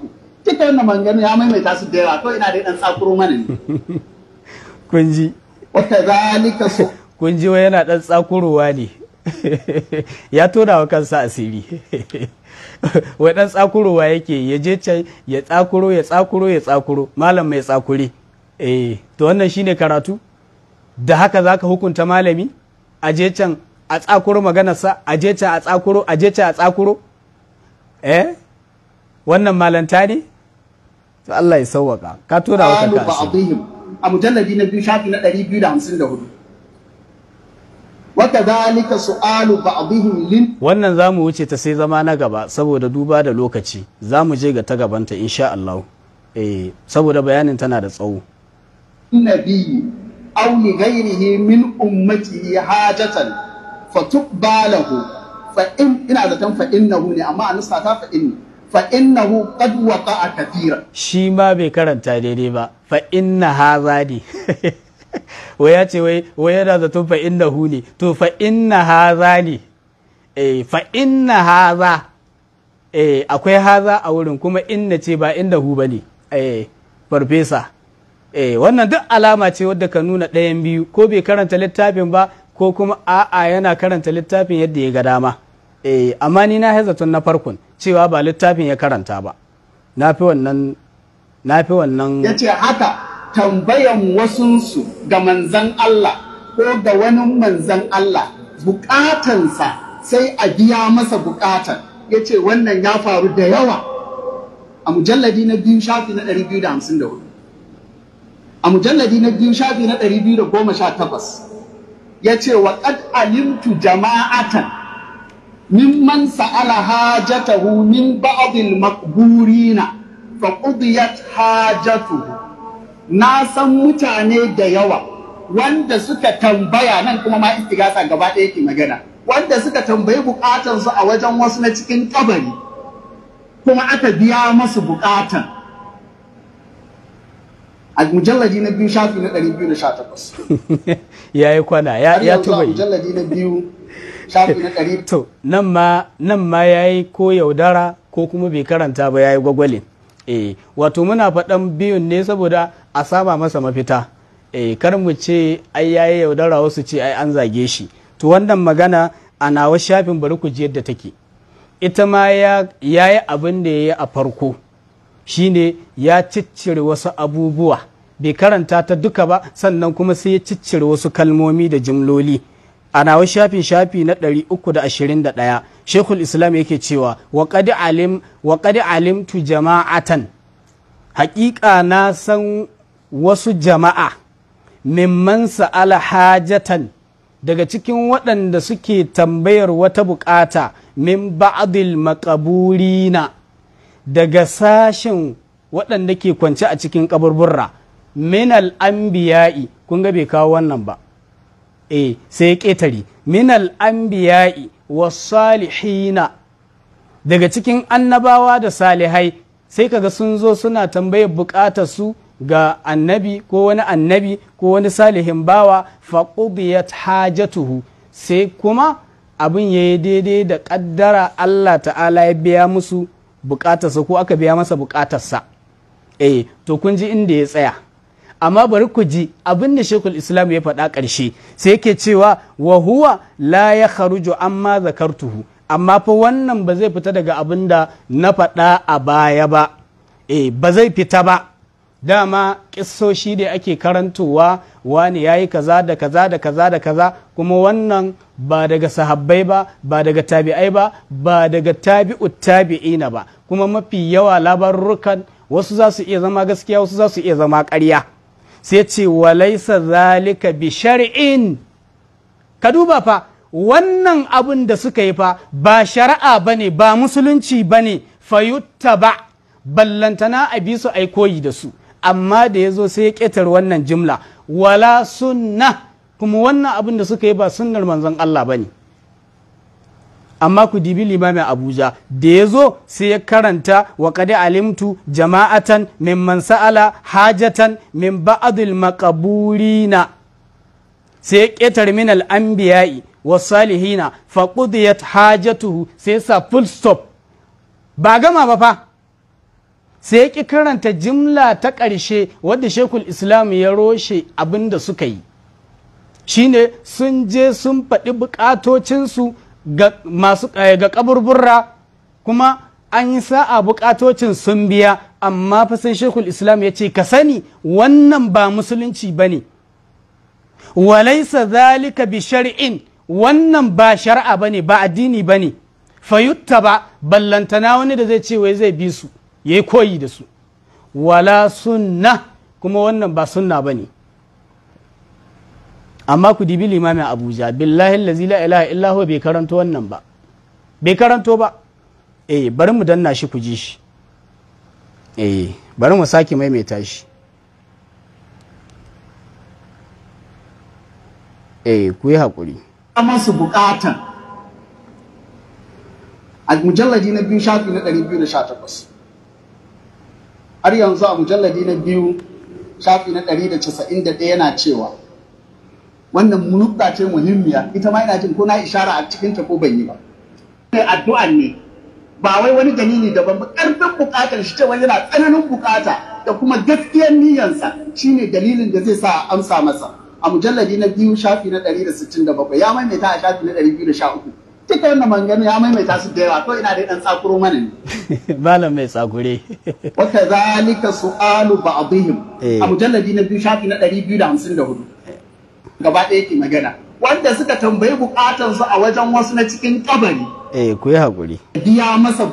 duka wannan maganganu ya maimaita su da yawa to ina da dan tsakuro mana ne (laughs) kun ji wata zalika su (laughs) kun ji yana dan tsakurowa ne (laughs) ya tona wa kansa asiri wai dan tsakurowa yake ya je can ya tsakuro ya tsakuro ya tsakuro malam mai tsakuri. eh to wannan shine karatu da haka zaka hukunta malami a je can a tsakuro maganarsa a je a tsakuro a je a tsakuro eh wannan malanta ne to Allah ya sauwaka ka tura wa kanka a mujalladi na biyu shafi na 254 wata zalika su'alu ba'dihim lin wannan zamu wuce ta sai zama na gaba saboda duba da lokaci zamu je ga ta gabanta insha Allah eh saboda bayanin tana da tsawo nabi aw li ghairihi min ummati hajatan fatubbalahu fa in ina zaton fa innahu ne amma a nusa ta fa inni fa innahu qad a kathira shi ma bai karanta daidai ba fa inna haza ne wai ya ce wai wai yana zaton fa innahu ne to fa inna haza ne eh fa inna haza eh akwai haza a wurin kuma inna ce ba inda hu bane eh farfesa eh wannan duk alama ce wadda ka nuna ɗayan biyu ko bai karanta littafin ba ko kuma a'a yana karanta littafin yadda ya ga dama eh amma ni na tun na farkon cewa ba littafin ya karanta ba na fi wannan na fi wannan ya ce haka tambayan wasunsu ga manzan Allah ko ga wani manzan Allah bukatansa sai a biya masa bukatar. ya ce wannan ya faru da yawa a mujalladi na biyu shafi na 254 a mujalladi na biyu shafi na 218 ya ce wa qad alimtu jama'atan mimman sa'ala hajatahu min ba'dil maqburina fa qudiyat hajatuhu na san mutane da yawa wanda suka tambaya nan kuma ma istigasa gaba ɗaya ke magana wanda suka tambayi bukatansu a wajen wasu na cikin kabari kuma aka biya masu bukatan a mujalladi na biyu shafi na 218 (laughs) ya yi kwana ya tuba yi mujalladi na biyu shafi na 100 to nan ma nan ma ya yi ko yaudara ko kuma bai karanta ba ya yi gwagwale eh wato muna faɗan biyun ne saboda a sama masa mafita eh kar mu ce ai yayi yaudara wasu ce ai an zage shi to wannan magana a nawa shafin bari ku ji yadda take ita ma ya yi abin da ya yi a farko shine ya ciccire wasu abubuwa bai karanta ta duka ba sannan kuma sai ya ciccire wasu kalmomi da jimloli a nawa shafin shafi na ɗaya, shekul islam yake cewa wa alimtu jama'atan haƙiƙa na san wasu jama'a mimman sa'ala hajatan daga cikin waɗanda suke tambayar wata buƙata min ba'dil na. daga sashen waɗanda ke kwance a cikin kaburburra minal anbiya'i kun ga bai kawo wannan ba e sai ƙetare minal anbiya'i wasalihina daga cikin annabawa da salihai sai kaga sun zo suna tambayar buƙatar su ga annabi ko wani annabi ko wani salihin bawa faqudiyat hajatuhu sai kuma abin ya yi daidai da ƙaddara Allah ta'ala ya biya musu bukatarsa ko aka biya masa bukatarsa eh to kun ji inda ya tsaya amma bari ku ji abin da shekul islam ya faɗa ƙarshe sai yake cewa wa huwa la ya kharuju amma zakartuhu amma fa wannan ba zai fita daga abin da na faɗa a baya ba eh ba zai fita ba dama ƙissoshi da ake karantowa wani ya yi kaza da kaza da kaza da kaza kuma wannan ba daga sahabbai ba ba daga tabi'ai ba ba daga tabi'u tabi'ina ba kuma mafi yawa labarrukan wasu za su iya zama gaskiya wasu za su iya zama ƙarya sai ce walaisa zalika bi shar'in ka duba fa wannan abin da suka yi fa ba shari'a bane ba musulunci bane fayutta ba ballantana a bi su ai koyi da su amma da ya zo sai ya ƙetar wannan jimla wala sunna kuma wannan abin da suka yi ba sunnar manzon Allah ba ne amma ku dibi limamin abuja da ya zo sai ya karanta wa kadi alimtu jama'atan min Mansa'ala sa'ala hajatan min ba'adul maqaburina sai ya ƙetare min al'anbiya'i wa salihina fa hajatu hajatuhu sai sa full stop ba gama ba fa sai ki karanta jimla ta ƙarshe wadda shekul islam ya roshe abin da suka yi shine sun je sun faɗi buƙatocinsu ga masu eh, ga kaburburra kuma an yi sa'a buƙatocin sun biya amma fa sai shekul islam ya ce ka sani wannan ba musulunci ba ne walaisa zalika bi shari'in wannan ba shari'a ba ne ba addini ba ne fayutta ba ballantana wani da zai ce wai zai bi su ya yi koyi da su wala sunna kuma wannan ba sunna ba ne amma ku dibi limamin abuja billahi lazi la ilaha illahu bai karanto wannan ba bai karanto ba eh bari mu danna shi ku ji shi eh bari mu sake maimaita shi eh ku yi haƙuri masu bukatan a mujalladi na biyu shafi na 218 har yanzu a mujalladi na biyu shafi na 191 yana cewa wannan nukta ce muhimmiya ita ma ina jin ko na ishara a cikin ta ko ban yi ba ne addu'a ne ba wai wani dalili daban ba karfin bukatar shi cewa yana tsananin bukata da kuma gaskiyar niyyarsa shine dalilin da zai sa a amsa masa a mujalladi na biyu shafi na 167 ya maimaita a shafi na 213 duka wannan mangani ya maimaita su da yawa ko ina da dan tsakuro mana ne (laughs) malam mai tsakure wata zalika su'alu ba'dihim eh. a mujalladi na biyu shafi na 254 gaba ɗaya ke magana wanda suka tambayi bukatan su a wajen wasu na cikin kabari eh ku yi hakuri biya masa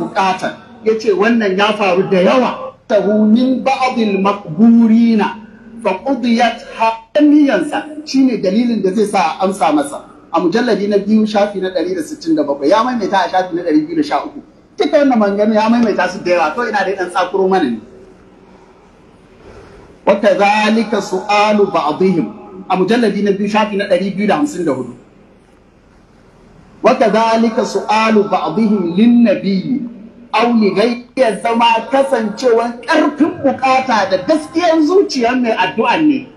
Ya yace wannan ya faru da yawa tahu min ba'dil maqburina fa qudiyat hamiyansa shine dalilin da zai sa a amsa masa a mujalladi na biyu shafi na 167 ya maimaita a shafi na 213 duka wannan manganu ya maimaita su da yawa to ina da ɗan tsakuro mana ne wa kadhalika su'alu ba'dihim a mujalladi na biyu shafi na 254 Wata zalika su'alu ba'dihim lin nabiyyi aw li iya zama kasancewan karfin bukata da gaskiyar zuciyar mai addu'an ne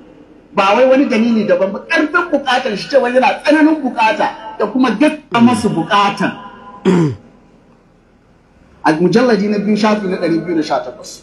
ba wai wani dalili daban ba karfin bukatar shi cewa yana tsananin bukata da kuma gaskiya masu bukatan a mujalladi na biyu shafi na ɗari biyu da sha takwas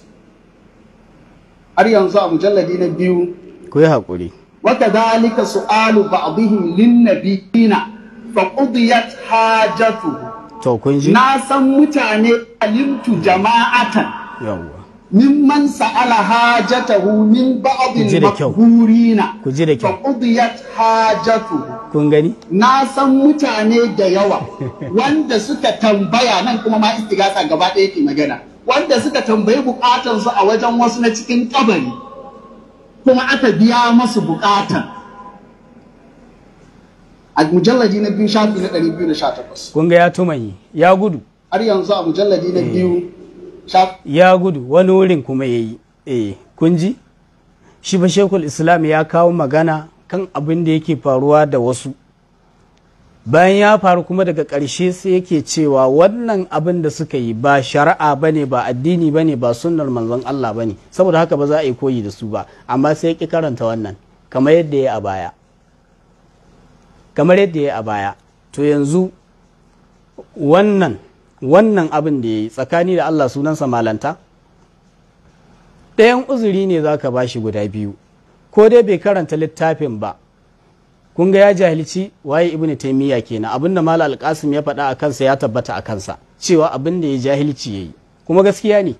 har yanzu a mujalladi na biyu ku yi haƙuri wata dalika su'alu ba'dihim linnabiyina fa qudiyat hajatuhu to kun ji na san mutane alimtu jama'atan yawwa mimman sa'ala hajatahu min ba'dil makhurina ku ji da kyau qudiyat hajatu kun gani na san mutane da yawa (laughs) wanda suka tambaya nan kuma ma istigasa gaba ɗaya ke magana wanda suka tambayi bukatan su a wajen wasu na cikin kabari kuma aka biya masu bukatan a mujalladi na biyu shafi na 218 kun ga ya tumayi ya gudu har yanzu a mujalladi na eh. biyu ya gudu wani wurin kuma ya yi kunji eh, kun ji shi ba shekul islam ya kawo magana kan abin da yake faruwa da wasu bayan ya faru kuma daga ƙarshe sai yake cewa wannan abin da suka yi ba shari'a ba ne ba addini ba ne ba sunnar manzon Allah ba ne saboda haka ba za a yi koyi da su ba amma sai ki karanta wannan kamar yadda ya a baya kamar yadda ya a baya to yanzu wannan wannan abin da ya yi tsakani da Allah sunansa malanta ɗayan uzuri ne za ka bashi guda biyu ko dai bai karanta littafin ba kun ga ya jahilci waye ibn taimiyya kenan abin da malam alkasim ya faɗa a kansa ya tabbata a kansa cewa abin da ya jahilci ya yi kuma gaskiya ne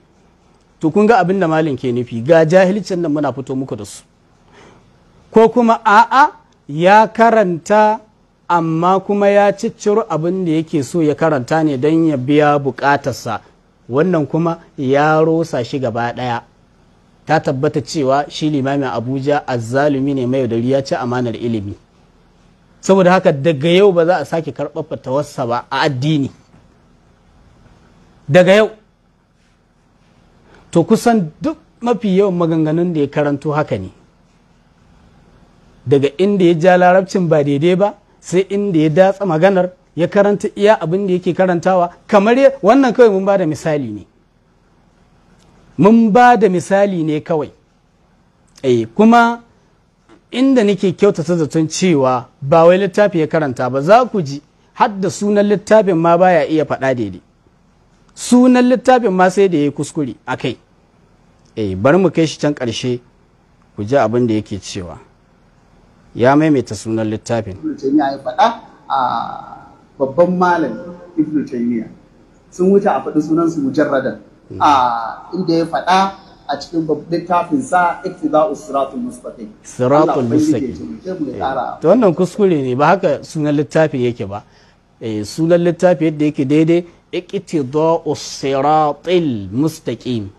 to kun ga abin da malin ke nufi ga jahilcin nan muna fito muku da su ko kuma a'a ya karanta amma kuma ya cicciro abin da yake so ya karanta ne don ya biya bukatarsa wannan kuma ya rosa shi gaba ɗaya ta tabbata cewa shi limamin abuja azzalumi ne mai yaudari ya ci amanar ilimi saboda haka daga yau ba za a sake karɓar fatawarsa ba a addini daga yau to kusan duk mafi yawan maganganun da ya karanto haka ne daga inda ya ja larabcin ba daidai ba sai inda ya datsa maganar ya karanta iya abin da yake karantawa kamar wannan kawai mun ba da misali ne mun ba da misali ne kawai eh kuma inda nake kyautata zaton cewa ba wai littafi ya karanta ba za ku ji hadda sunan littafin ma baya iya faɗa daidai sunan littafin ma sai da ya yi kuskure a kai eh bari mu kai shi can ƙarshe ku ji abin da yake cewa ya maimaita sunan littafin ibnu ya faɗa a babban malami ibnu taymiya sun wuce a faɗi sunan su mujarradan hmm. a inda ya faɗa a cikin littafin sa iktida'us siratul mustaqim siratul mustaqim eh, to wannan kuskure ne ba haka sunan littafin yake ba eh, sunan littafi yadda yake daidai iktida'us siratul mustaqim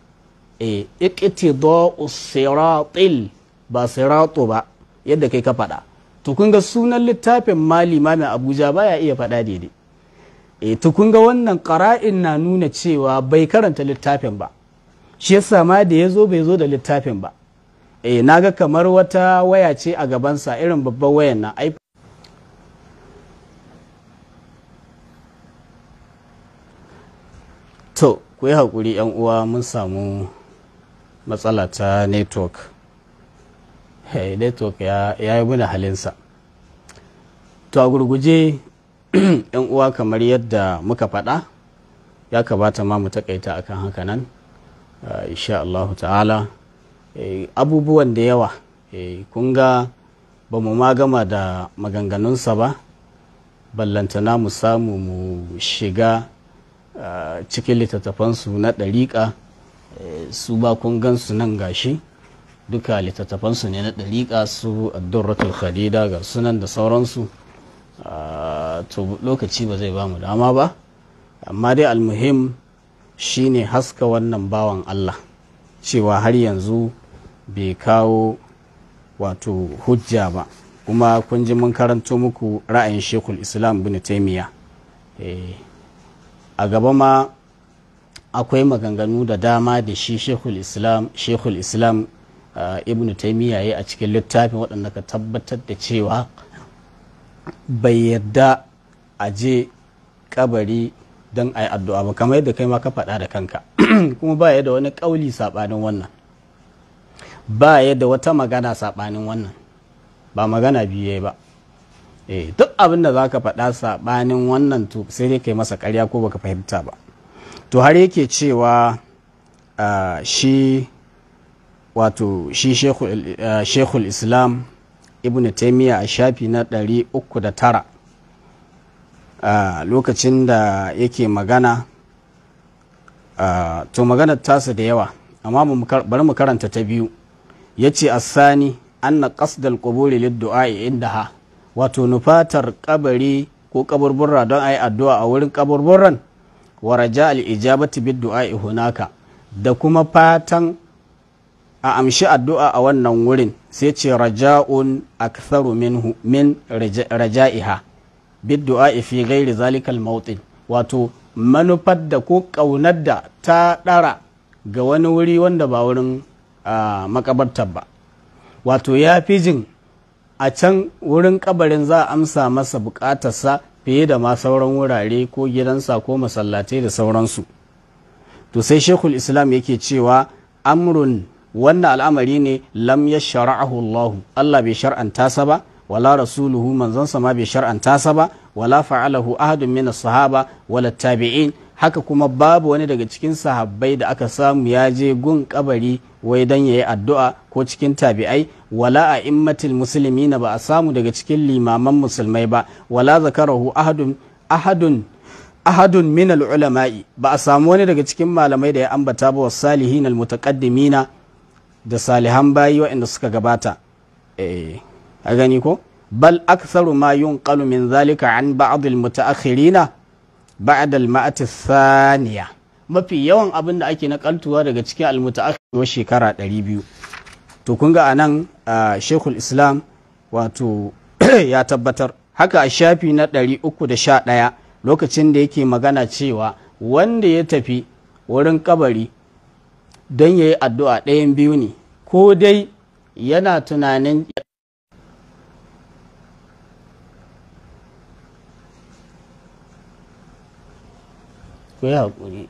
eh, iktida'us siratul ba siratu ba yadda kai ka faɗa to ga sunan littafin ma limamin abuja baya iya faɗa daidai e to ga wannan ƙara'in na nuna cewa bai karanta littafin ba shi yasa ma da ya zo bai zo da littafin ba e na ga kamar wata waya ce a gabansa irin babban wayan na to ku yi haƙuri uwa mun samu matsala ta network network ya yi muna halinsa to a gurguje (clears throat) yan uwa kamar yadda muka faɗa ya kamata ma mu takaita kan haka nan eh, insha Allah ta'ala eh, abubuwan da yawa e, kun ga ba mu ma gama da maganganunsa ba ballantana mu samu mu shiga cikin littattafansu na ɗariƙa su ba kun gansu nan gashi duka littattafansu ne na ɗariƙa su addurratul khadida ga sunan da sauransu ah, to lokaci ba zai bamu dama ba amma dai almuhim shine haska wannan bawan Allah cewa har yanzu bai kawo wato hujja ba kuma kun ji mun karanto muku ra'ayin shekul islam bin taimiya eh, a gaba ma akwai maganganu da dama da shi shekul shekul islam Ah, ibnu taimiyya ya a cikin littafin waɗanda ka tabbatar da cewa bai yarda a je kabari don a yi addu'a ba kamar yadda kai ma ka faɗa da kanka (clears throat) kuma ba ya wani ƙauli saɓanin wannan ba ya wata magana saɓanin wannan ba magana biye ba eh duk abin da za ka faɗa saɓanin wannan to sai dai kai masa ƙarya ko baka fahimta ba to har yake cewa ah, shi wato shi shekul eh, islam ibn taimiyya a shafi na 309 a lokacin da yake magana to magana tasa da yawa amma bari mu karanta ta biyu ya ce asani anna qasdal quburi lid inda ha. wato nufatar kabari ko kaburburra don a yi addu'a a wurin kaburburran wa raja al-ijabati bid-du'a'i hunaka da kuma fatan a amshi addu'a a wannan wurin sai ce raja'un aktharu minhu min raja'iha biddu'a fi gairi zalikal mautin wato manufar da ko ƙaunar da ta ɗara ga wani wuri wanda ba wurin makabartar ba wato ya fi jin a can wurin kabarin za a amsa masa bukatarsa fiye da ma sauran wurare ko gidansa ko masallatai da sauransu to sai shekul islam yake cewa amrun wannan al'amari ne lam ya shara'ahu Allah Allah bai shar'anta sa ba wala rasuluhu manzon sa ma bai shar'anta sa ba wala fa'alahu ahadun min as-sahaba wala tabi'in haka kuma babu wani daga cikin sahabbai da aka samu ya je gun kabari wai dan yayi addu'a ko cikin tabi'ai wala a'immatil muslimin ba a samu daga cikin limaman musulmai ba wala zakarahu ahadun ahadun ahadun min ulama'i ba a samu wani daga cikin malamai da ya ambata ba wasalihin mutaqaddimina da salihan bayi waɗanda suka gabata eh, a gani ko bal aktharu ma yunqalu min zalika an ba'd al mutaakhirina ba'd al ma'at thaniya mafi yawan abin da ake nakaltuwa daga cikin al mutaakhir shekara 200 to kun ga anan shekul islam wato (clears throat) ya tabbatar haka a shafi na 311 lokacin da yake magana cewa wanda ya tafi wurin kabari don ya yi addu'a ɗayan biyu ne ko dai yana tunanin ku yi haƙuri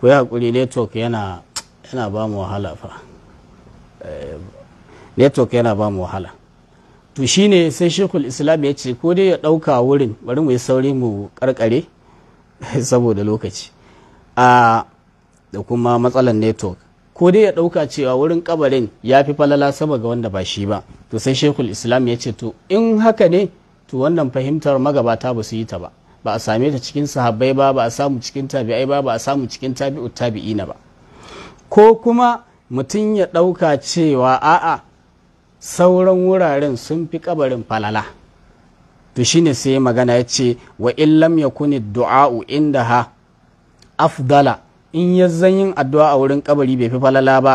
ku yi haƙuri network yana ba mu wahala yana ba mu wahala to shine sai shekul islam ya ce ko dai ya ɗauka wurin bari mu yi sauri mu karkare (laughs) saboda lokaci a da kuma matsalar network ko dai ya ɗauka cewa wurin kabarin ya fi falala sama ga wanda ba shi ba to sai shekul islam ya ce to in haka ne to wannan fahimtar magabata ba su yi ta ba ba a same ta cikin sahabbai ba ba a samu cikin tabi'ai ba ba a samu cikin tabi'u tabi'ina ba ko kuma mutum ya ɗauka cewa a'a sauran wuraren sun fi kabarin falala to shine sai magana ya ce wa illam ya kuni du'a'u inda ha afdala in ya yin addu'a a wurin kabari bai fi falala ba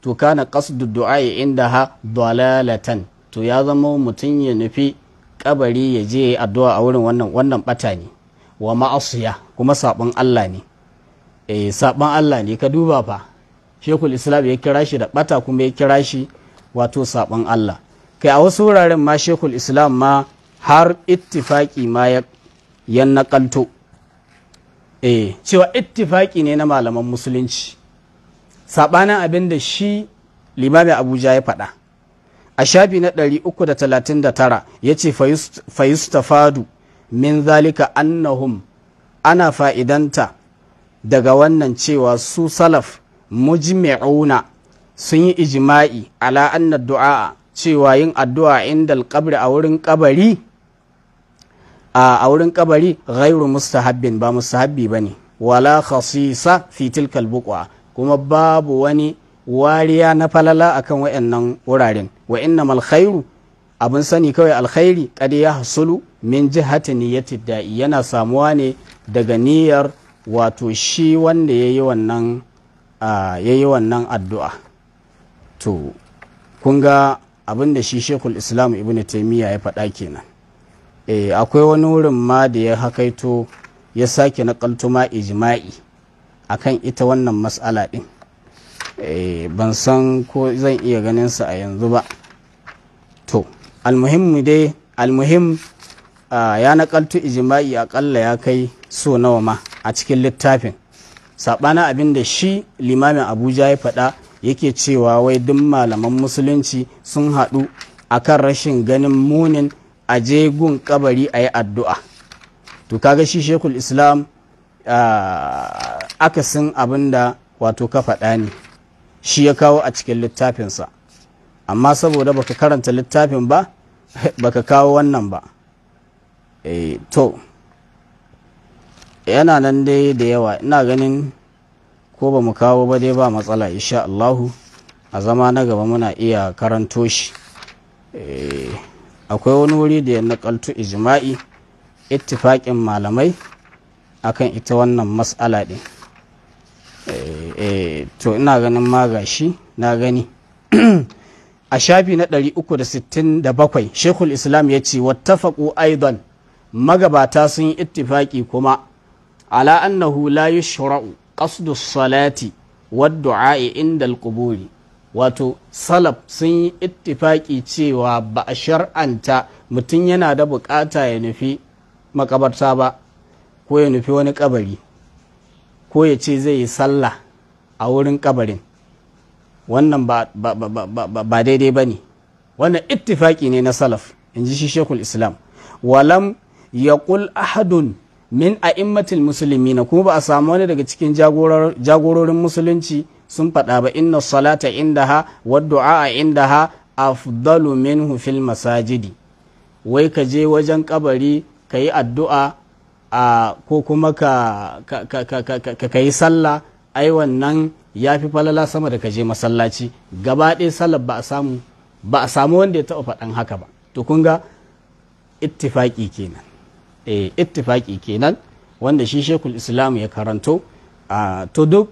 to kana qasdu du'a'i inda ha dalalatan to ya zama mutum ya nufi kabari ya je addu'a a wurin wannan wannan bata ne wa ma'asiya kuma sabon Allah ne eh sabon Allah ne ka duba fa shekul islam ya kira shi da bata kuma ya kira shi wato sabon Allah kai a wasu wuraren ma shekul islam ma har ittifaki ma ya nakalto eh cewa ittifaki ne na malaman musulunci saɓanin abin da shi Limami abuja ya faɗa a shafi na ɗari uku da talatin 339 ya ce fayustafadu min zalika annahum ana fa'idanta daga wannan cewa su salaf mujmi'una sun yi ijima'i ala anna du'a cewa yin addu'a inda alƙabri a wurin ƙabari a wurin ƙabari ghairu mustahabbin ba mustahabbi ba ne wala khasisa fi tilkal buqwa kuma babu wani wariya na falala akan wayannan wuraren wa innamal khairu abin sani kawai alkhairi kad ya hasulu min jihati niyyati da'i yana samuwa ne daga niyyar wato shi wanda yayi wannan yayi wannan addu'a to kun ga abin da shi shekul islam ibn taimiyya ya faɗa kenan e, akwai wani wurin ma da ya hakaito ya sake naƙaltu ma ijma'i kan ita wannan matsala ɗin e, ban san ko zan iya ganin sa a yanzu ba to almuhimmi dai almuhim ya nakaltu ijima'i akalla ya kai so nawa ma a cikin littafin saɓana abin da shi limamin abuja ya faɗa yake cewa wai duk malaman musulunci sun haɗu kan rashin ganin munin a jegun kabari a yi addu'a to kaga shi shekul islam akasin abin da wato ka faɗa ne shi ya kawo a cikin littafinsa amma saboda baka karanta littafin ba (laughs) baka kawo wannan ba eh, to yana nan dai da yawa ina ganin ko ba mu kawo ba dai ba matsala insha Allahu a zama na gaba muna iya karanto shi eh, akwai wani wuri da ya nakaltu ijma'i ittifaƙin malamai akan ita wannan matsala ɗin eh, eh, to ina ganin magashi na gani (clears throat) a shafi na 367 shekul islam ya ce wattafaƙu aidan magabata sun yi ittifaƙi kuma ala annahu la yushra'u qasdu salati wad du'a'i inda al wato salaf sun yi ittifaki cewa ba a shar'anta mutum yana da bukata ya nufi makabarta ba ko ya nufi wani kabari ko ya ce zai yi sallah a wurin kabarin wannan ba daidai ba ne wannan ittifaki ne na salaf in ji shi shekul islam walam ya ahadun min a a'immatil musulmi na kuma ba a samu wani daga cikin jagororin musulunci sun faɗa ba inna salata inda ha a inda ha afdalu minhu fil masajidi wai ka je wajen kabari ka yi addu'a a ko kuma ka yi sallah ai wannan ya fi falala sama da ka je masallaci gaba ɗaya sallar ba a samu ba a samu wanda ya taɓa faɗan haka ba to kun ga ittifaƙi kenan Eh, ittifaki kenan wanda shi shekul islam ya karanto a ah, to duk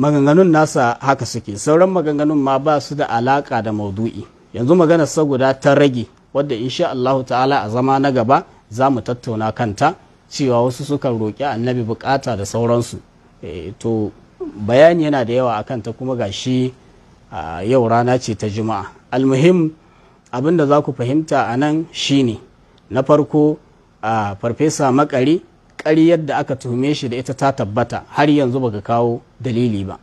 maganganun nasa haka suke sauran maganganun ma ba su da alaka da maudu'i yanzu maganar sa guda ta rage wadda insha Allah ta'ala a zama na gaba za mu tattauna kanta cewa wasu suka roƙi annabi bukata da sauransu eh, to bayani yana da yawa akan ta kuma ga shi ah, yau rana ce ta juma'a almuhim abin da za ku fahimta a nan shine na farko a farfesa makari ƙari yadda aka tuhume shi da ita ta tabbata har yanzu baka kawo dalili ba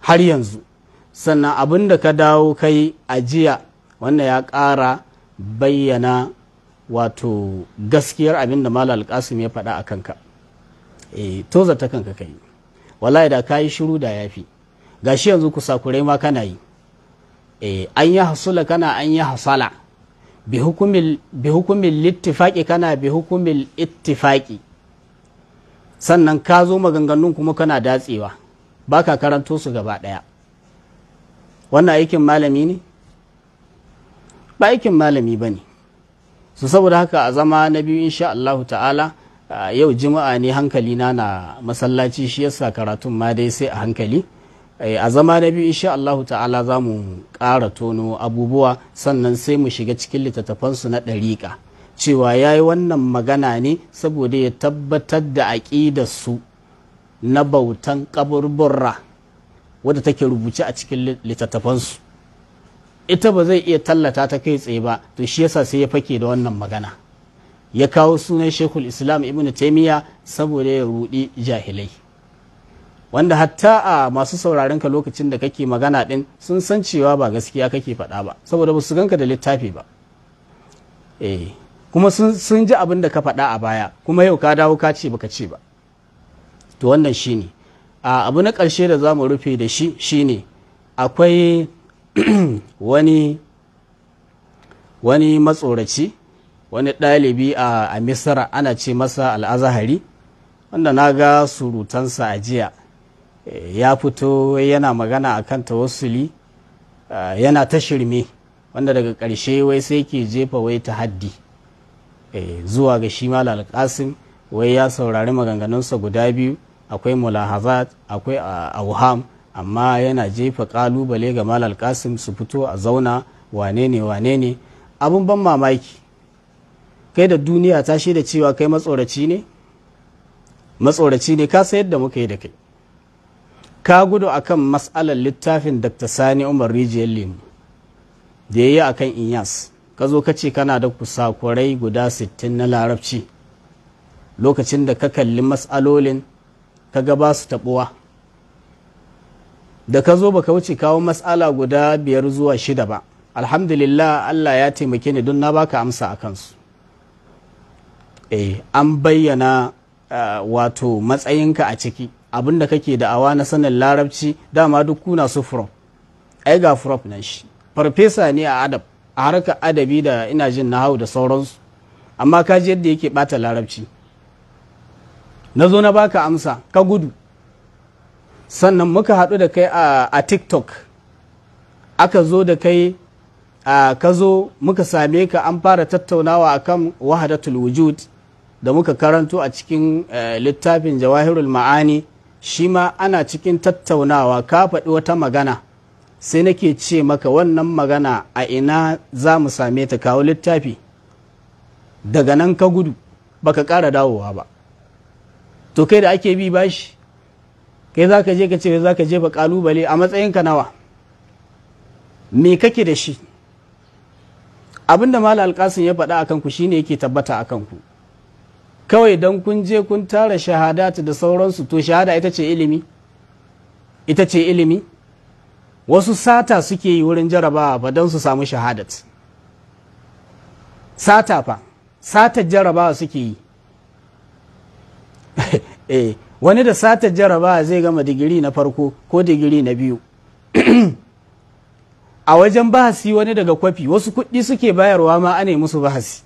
har yanzu sannan abin da ka dawo kai a jiya wannan ya ƙara bayyana wato gaskiyar abin da malal alƙasim ya faɗa a kanka e toza ta kanka kai wallahi da ka yi shiru da yafi gashi yanzu kusakurai ma kana yi e an yi hasula kana an yi hasala bi hukumin littifaƙi kana bi hukumin ittifaƙi sannan ka zo maganganun kuma kana datsewa ba ka karanto su gaba ɗaya wannan aikin malami ne ba aikin malami ba ne su saboda haka a zama na biyu insha Allahu ta'ala yau juma'a ne hankali na na masallaci shi yasa karatun ma dai sai a hankali Eh, a zama na biyu insha Allah ta'ala za mu ƙara tono abubuwa sannan sai mu shiga cikin littattafansu na ɗariƙa cewa ya yi wannan magana ne saboda ya tabbatar da su na bautan ƙaburburra wadda take rubuce a cikin littattafansu ita ba zai iya tallata ta kai tsaye ba to shi yasa sai ya fake da wannan magana ya kawo sunan shekul islam ibn taimiyya saboda ya rudi jahilai wanda hatta a masu sauraron ka lokacin da kake magana din sun san cewa ba gaskiya kake faɗa ba saboda ba su ganka da littafi ba eh kuma sun ji abin da ka faɗa a baya kuma yau ka dawo ka ce baka ce ba to wannan shine a abu na karshe da za mu rufe da shi shine akwai (clears throat) wani wani matsoraci wani ɗalibi a misra ana ce masa al'azahari wanda na ga surutansa a jiya Eh, ya fito yana magana a kan tawassuli eh, yana ta shirme wanda daga ƙarshe wai sai ke jefa wai ta haddi eh, zuwa ga shi malal alƙasim wai ya saurari maganganunsa guda biyu akwai mulahazat akwai auham amma yana jefa kalubale ga malal alƙasim su fito a zauna wane ne wane ne abin ban mamaki kai da duniya ta shi da cewa kai matsoraci ne matsoraci ne ka sayar da muka yi da kai ka gudu akan matsalar littafin dr sani umar rijiyar lemu da ya yi akan inyas ka zo ka ce kana da kusakurai guda 60 na larabci lokacin da ka kalli matsalolin ka ga ba su taɓuwa da ka zo ba ka wuce kawo matsala guda biyar zuwa shida ba alhamdulillah allah ya taimake ni don na baka amsa a kansu eh an bayyana eh, wato matsayinka a ciki abin da kake da'awa na sanin larabci dama duk kuna su from ai ga from nan shi farfesa ne a adab a harkar adabi da ina jin na hau da sauransu amma ka ji yadda yake bata larabci na zo na baka amsa ka gudu sannan muka haɗu da kai a tiktok aka zo da kai a ka zo muka same ka an fara tattaunawa akan wahadatul wujud da muka karanto a cikin eh, littafin jawahirul ma'ani shi ma ana cikin tattaunawa ka faɗi wata magana sai nake ce maka wannan magana a ina za mu same ta kawo littafi daga nan ka gudu baka ƙara dawowa ba to kai da ake bi bashi kai za ka je ka ce za ka jefa ƙalubale a matsayinka nawa me kake da shi abinda mala alƙasin ya faɗa a kanku ne yake tabbata a kanku kawai don kun je kun tara shahadatu da sauransu to shahada ita ce ilimi ita ce ilimi wasu sata suke yi wurin jarabawa ba don su samu shahadat sata fa satar jarabawa suke yi (laughs) eh wani da satar jarabawa zai gama digiri na farko ko digiri na biyu (clears throat) a wajen bahasi wani daga kwafi wasu kuɗi suke bayarwa ma ane musu bahasi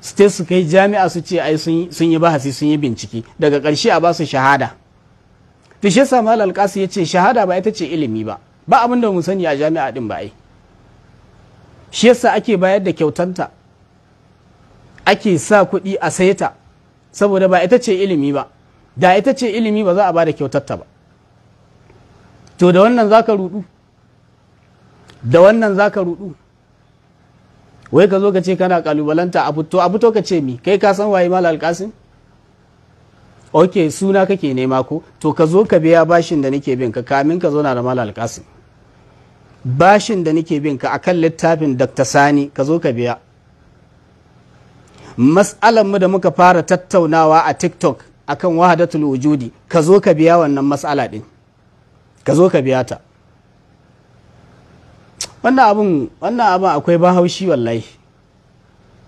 state su kai jami'a su ce ai sun yi bahasi sun yi bincike daga ƙarshe a basu shahada to shi sa malal ya yace shahada ba ita ce ilimi ba ba abin da mu sani a jami'a din ba ai shi yasa ake bayar da kyautanta ake sa kuɗi a saita saboda ba ita ce ilimi ba da ita ce ilimi ba za a ba da kyautarta ba to da wannan zaka rudu da wannan zaka rudu wai ka zo ka ce kana kalubalanta a fito a fito ka ce mi kai ka san waye mal alkasim ok suna kake nema ko to ka zo ka biya bashin da nake bin ka kamin ka zauna da mal alkasim bashin da nake bin ka akan littafin dr sani ka zo ka biya Mas'alanmu mu da muka fara tattaunawa a tiktok akan wahadatul wujudi ka zo ka biya wannan mas'ala din ka zo ka biya ta wannan abin akwai bahaushi wallahi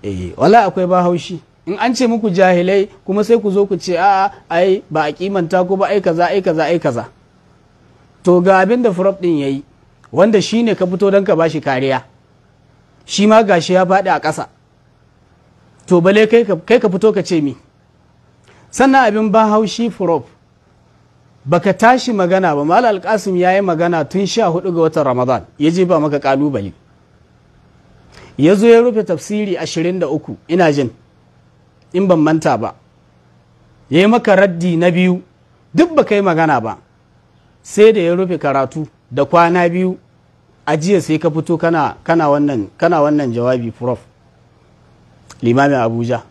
eh wallahi akwai bahaushi in an ce muku jahilai kuma sai ku zo ku ce a'a ai ba a kimanta ko ba ai kaza ai kaza ai kaza to ga abin da furof din yayi wanda shine ka fito don ka bashi kariya shi ma gashi ya faɗi a ƙasa to bale kai ka fito ka ce mi sannan abin bahaushi furof baka tashi magana ba mal alkasim ya yi magana tun sha hudu ga watan ramadan ya ba maka kalubale ya zo ya rufe tafsiri ashirin da uku ina jin in ban manta ba ya yi maka raddi na biyu duk baka yi magana ba sai da ya rufe karatu da kwana biyu a jiya sai ka fito kana, kana, wannan, kana wannan jawabi prof limamin abuja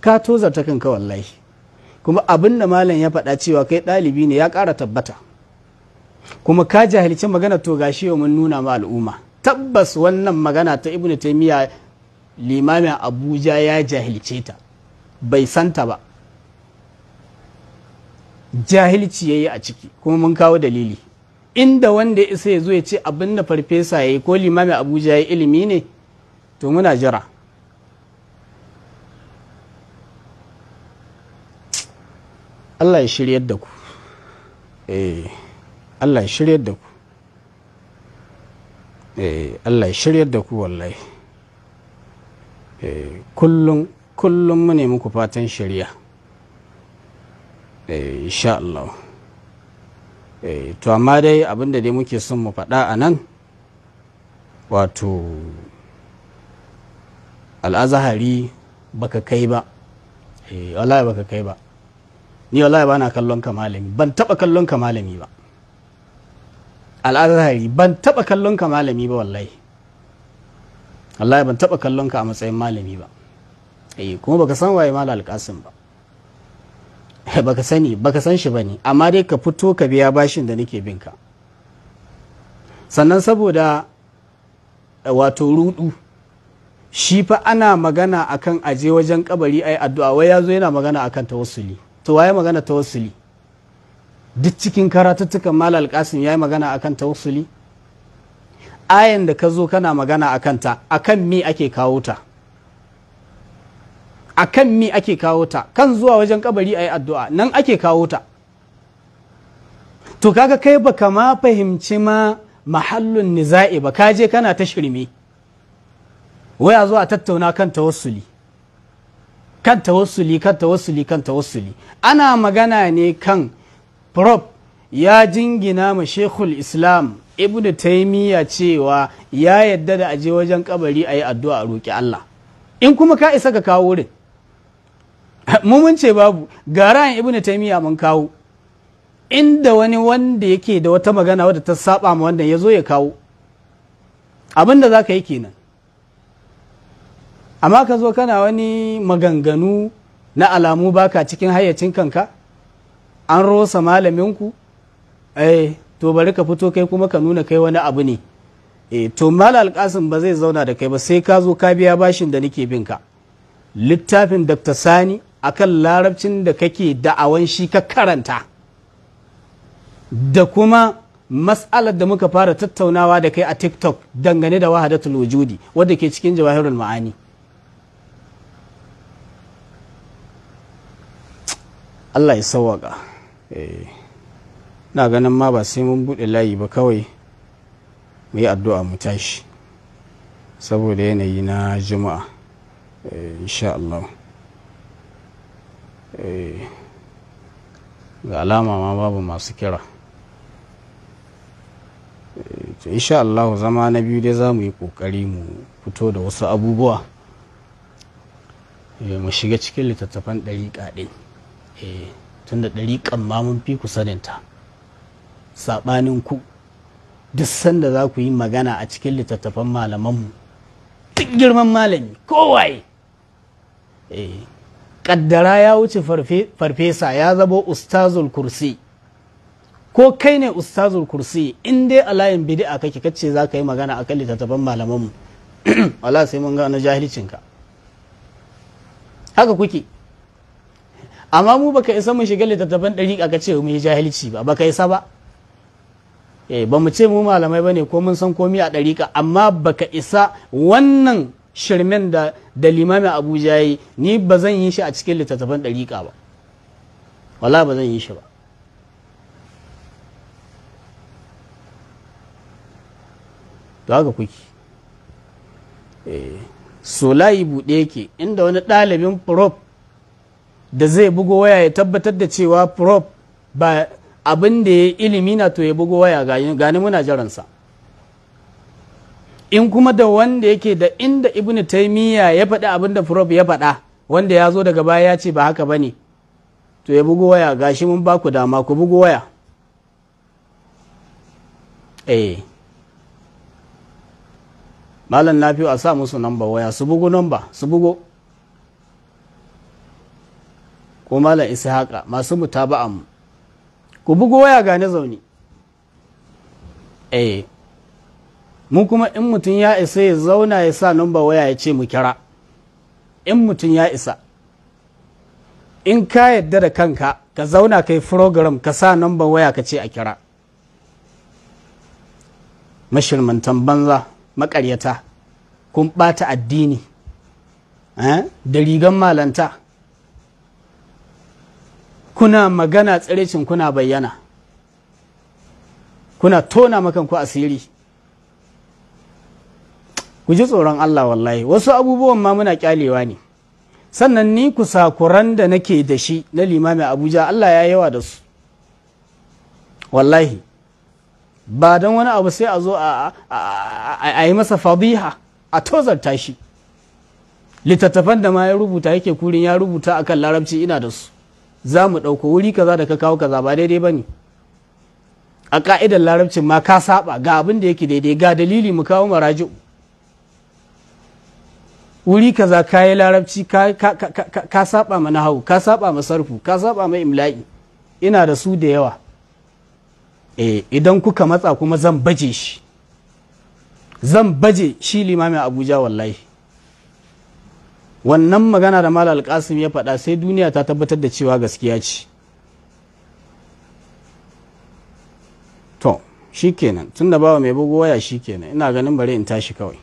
ka tozarta kanka wallahi kuma abin da malam ya faɗa cewa kai ɗalibi ne ya ƙara tabbata kuma ka jahilci magana to gashi yau mun nuna ma al'umma tabbas wannan magana ta ibnu taimiyya limamin abuja ya jahilce ta bai santa ba jahilci ya yi a ciki kuma mun kawo dalili inda wanda ya isa ya zo ya ce abin da farfesa ya yi ko limamin abuja ya yi ilimi ne to muna jira Allah ya shiryar da ku eh Allah ya shiryar da ku eh Allah ya shiryar da ku wallahi eh kullum kullum mu ne muku fatan shari'a eh insha Allah eh to amma dai abinda dai muke son mu faɗa a nan wato al'azahari baka kai ba eh wallahi baka kai ba ni wallahi ba na kallon ka malami ban taba kallon ka malami ba al'azhari ban taba kallon ka malami ba wallahi wallahi ban taba kallon ka a matsayin malami ba eh kuma baka san waye malal alqasim ba (laughs) baka sani baka san shi bane amma dai ka fito ka biya bashin da nake bin ka sannan saboda eh, wato rudu shi fa ana magana akan aje wajen kabari ai addu'a wai yazo yana magana akan tawassuli to waye magana tawassuli duk cikin karatuttukan malal kasim yayi magana akan tawassuli ayan da ka zo kana magana akan ta akan mi ake kawo ta akan mi ake kawo ta kan zuwa wajen kabari ayi addu'a nan ake kawo ta to kaga kai baka ma fahimci ma mahallun niza'i ba kaje kana ta shirme waya zuwa tattauna kan tawassuli kan tawassuli kan tawassuli kan tawassuli ana magana ne kan prof ya jingina ma shekul islam da taimiyya cewa ya yadda da aje wajen kabari a yi addu'a a roƙi allah in kuma ka isa ka kawo wurin (laughs) mun ce babu gara da taimiyya mun kawo inda wani wanda yake da wata magana wadda ta saba ma wanda ya zo ya kawo abin da za ka yi kenan amma ka zo kana wani maganganu na alamu baka cikin hayyacin kanka an rosa malaminku eh to bari ka fito kai kuma ka nuna kai wani abu ne eh to malal alkasim ba zai zauna da kai ba sai ka zo ka biya bashin da nake binka littafin dr sani akan larabcin da kake da'awan shi ka karanta da kuma matsalar da muka fara tattaunawa da kai a tiktok dangane da wahadatul wujudi wadda ke cikin jawahirul ma'ani allah ya sawaka eh, na ganin ma ba sai mun buɗe layi ba kawai mu yi addu'a mu tashi saboda yanayi na juma'a eh, insha allah eh, ga alama ma babu masu kira to insha Allah zama na biyu dai za mu yi kokari mu fito da wasu abubuwa mu shiga cikin littattafan ɗariƙa ɗin Eh, tun da ɗariƙan ma mun fi ku saninta saɓanin ku duk sanda za ku yi magana a cikin littattafan malamanmu duk girman malami kowaye eh, ƙaddara ya wuce farfesa ya zabo ustazul kursi ko kai ne ustazul kursi in dai a layin bidi'a kake kace za ka yi magana a kan littattafan malamanmu (clears throat) wala sai mun gano jahilcinka haka kuke amma mu baka isa mu shiga littattafan ɗariƙa ka ce mu yi jahilci ba baka isa ba eh ba mu ce mu malamai ne ko mun san komi a ɗariƙa amma baka isa wannan shirmen da da limamin Abuja yi ni ba zan yi shi a cikin littattafan ɗariƙa ba wala ba zan yi shi ba to haka kuki eh so layi buɗe yake inda wani ɗalibin prof. da zai bugo waya ya tabbatar da cewa prop ba abin da ya ilimi na to ya bugo waya gani muna jaransa in kuma da wanda yake da inda ibnu taimiyya ya faɗi abin da prop ya faɗa wanda ya zo daga baya ya ce ba haka ba ne to ya bugo waya gashi mun ba ku dama ku bugo waya eh malam lafiya a sa musu namba waya su bugo namba su bugo ko malam haka masu mutaba'an mu ku bugu waya gane zaune eh mu kuma in mutum ya isa ya zauna ya sa numba waya ya ce mu kira in mutum ya isa in ka yadda da kanka ka zauna kai program ka sa numba waya ka ce a kira mashirmantan banza maƙaryata kun ɓata addini eh, da rigan malanta kuna magana tsiricin kuna bayyana kuna tona makanku asiri ku ji tsoron Allah wallahi wasu abubuwan ma muna kyalewa ne sannan ni ku sakuran da nake da shi na Limami abuja Allah ya yawa da su wallahi ba don wani abu sai a zo a yi masa fadiha a tozarta shi littattafan da ma ya rubuta yake kurin ya rubuta akan larabci ina da su za mu ɗauko wuri kaza da ka kawo kaza ba daidai ba ne a ka'idar larabcin ma ka saba ga abin da yake daidai ga dalili mu kawo maraji'u wuri kaza ka yi larabci ka saba ma nahawu ka saba ma sarfu ka saba ma imla'i ina da su da yawa eh idan kuka matsa kuma zan baje shi zan baje shi limamin abuja wallahi wannan magana da malal alƙasim ya faɗa sai duniya ta tabbatar da cewa gaskiya ce to shikenan tun da bawa mai bugu waya shikenan ina ganin bare in tashi kawai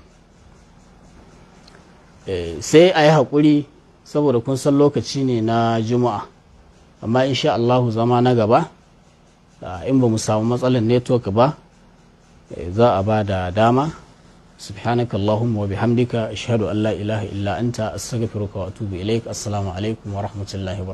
eh, sai a yi haƙuri saboda kun san lokaci ne na juma'a amma insha Allahu zama na gaba ah, in ba mu samu matsalar network ba eh, za a ba da dama سبحانك اللهم وبحمدك أشهد أن لا إله إلا أنت أستغفرك وأتوب إليك السلام عليكم ورحمة الله وبركاته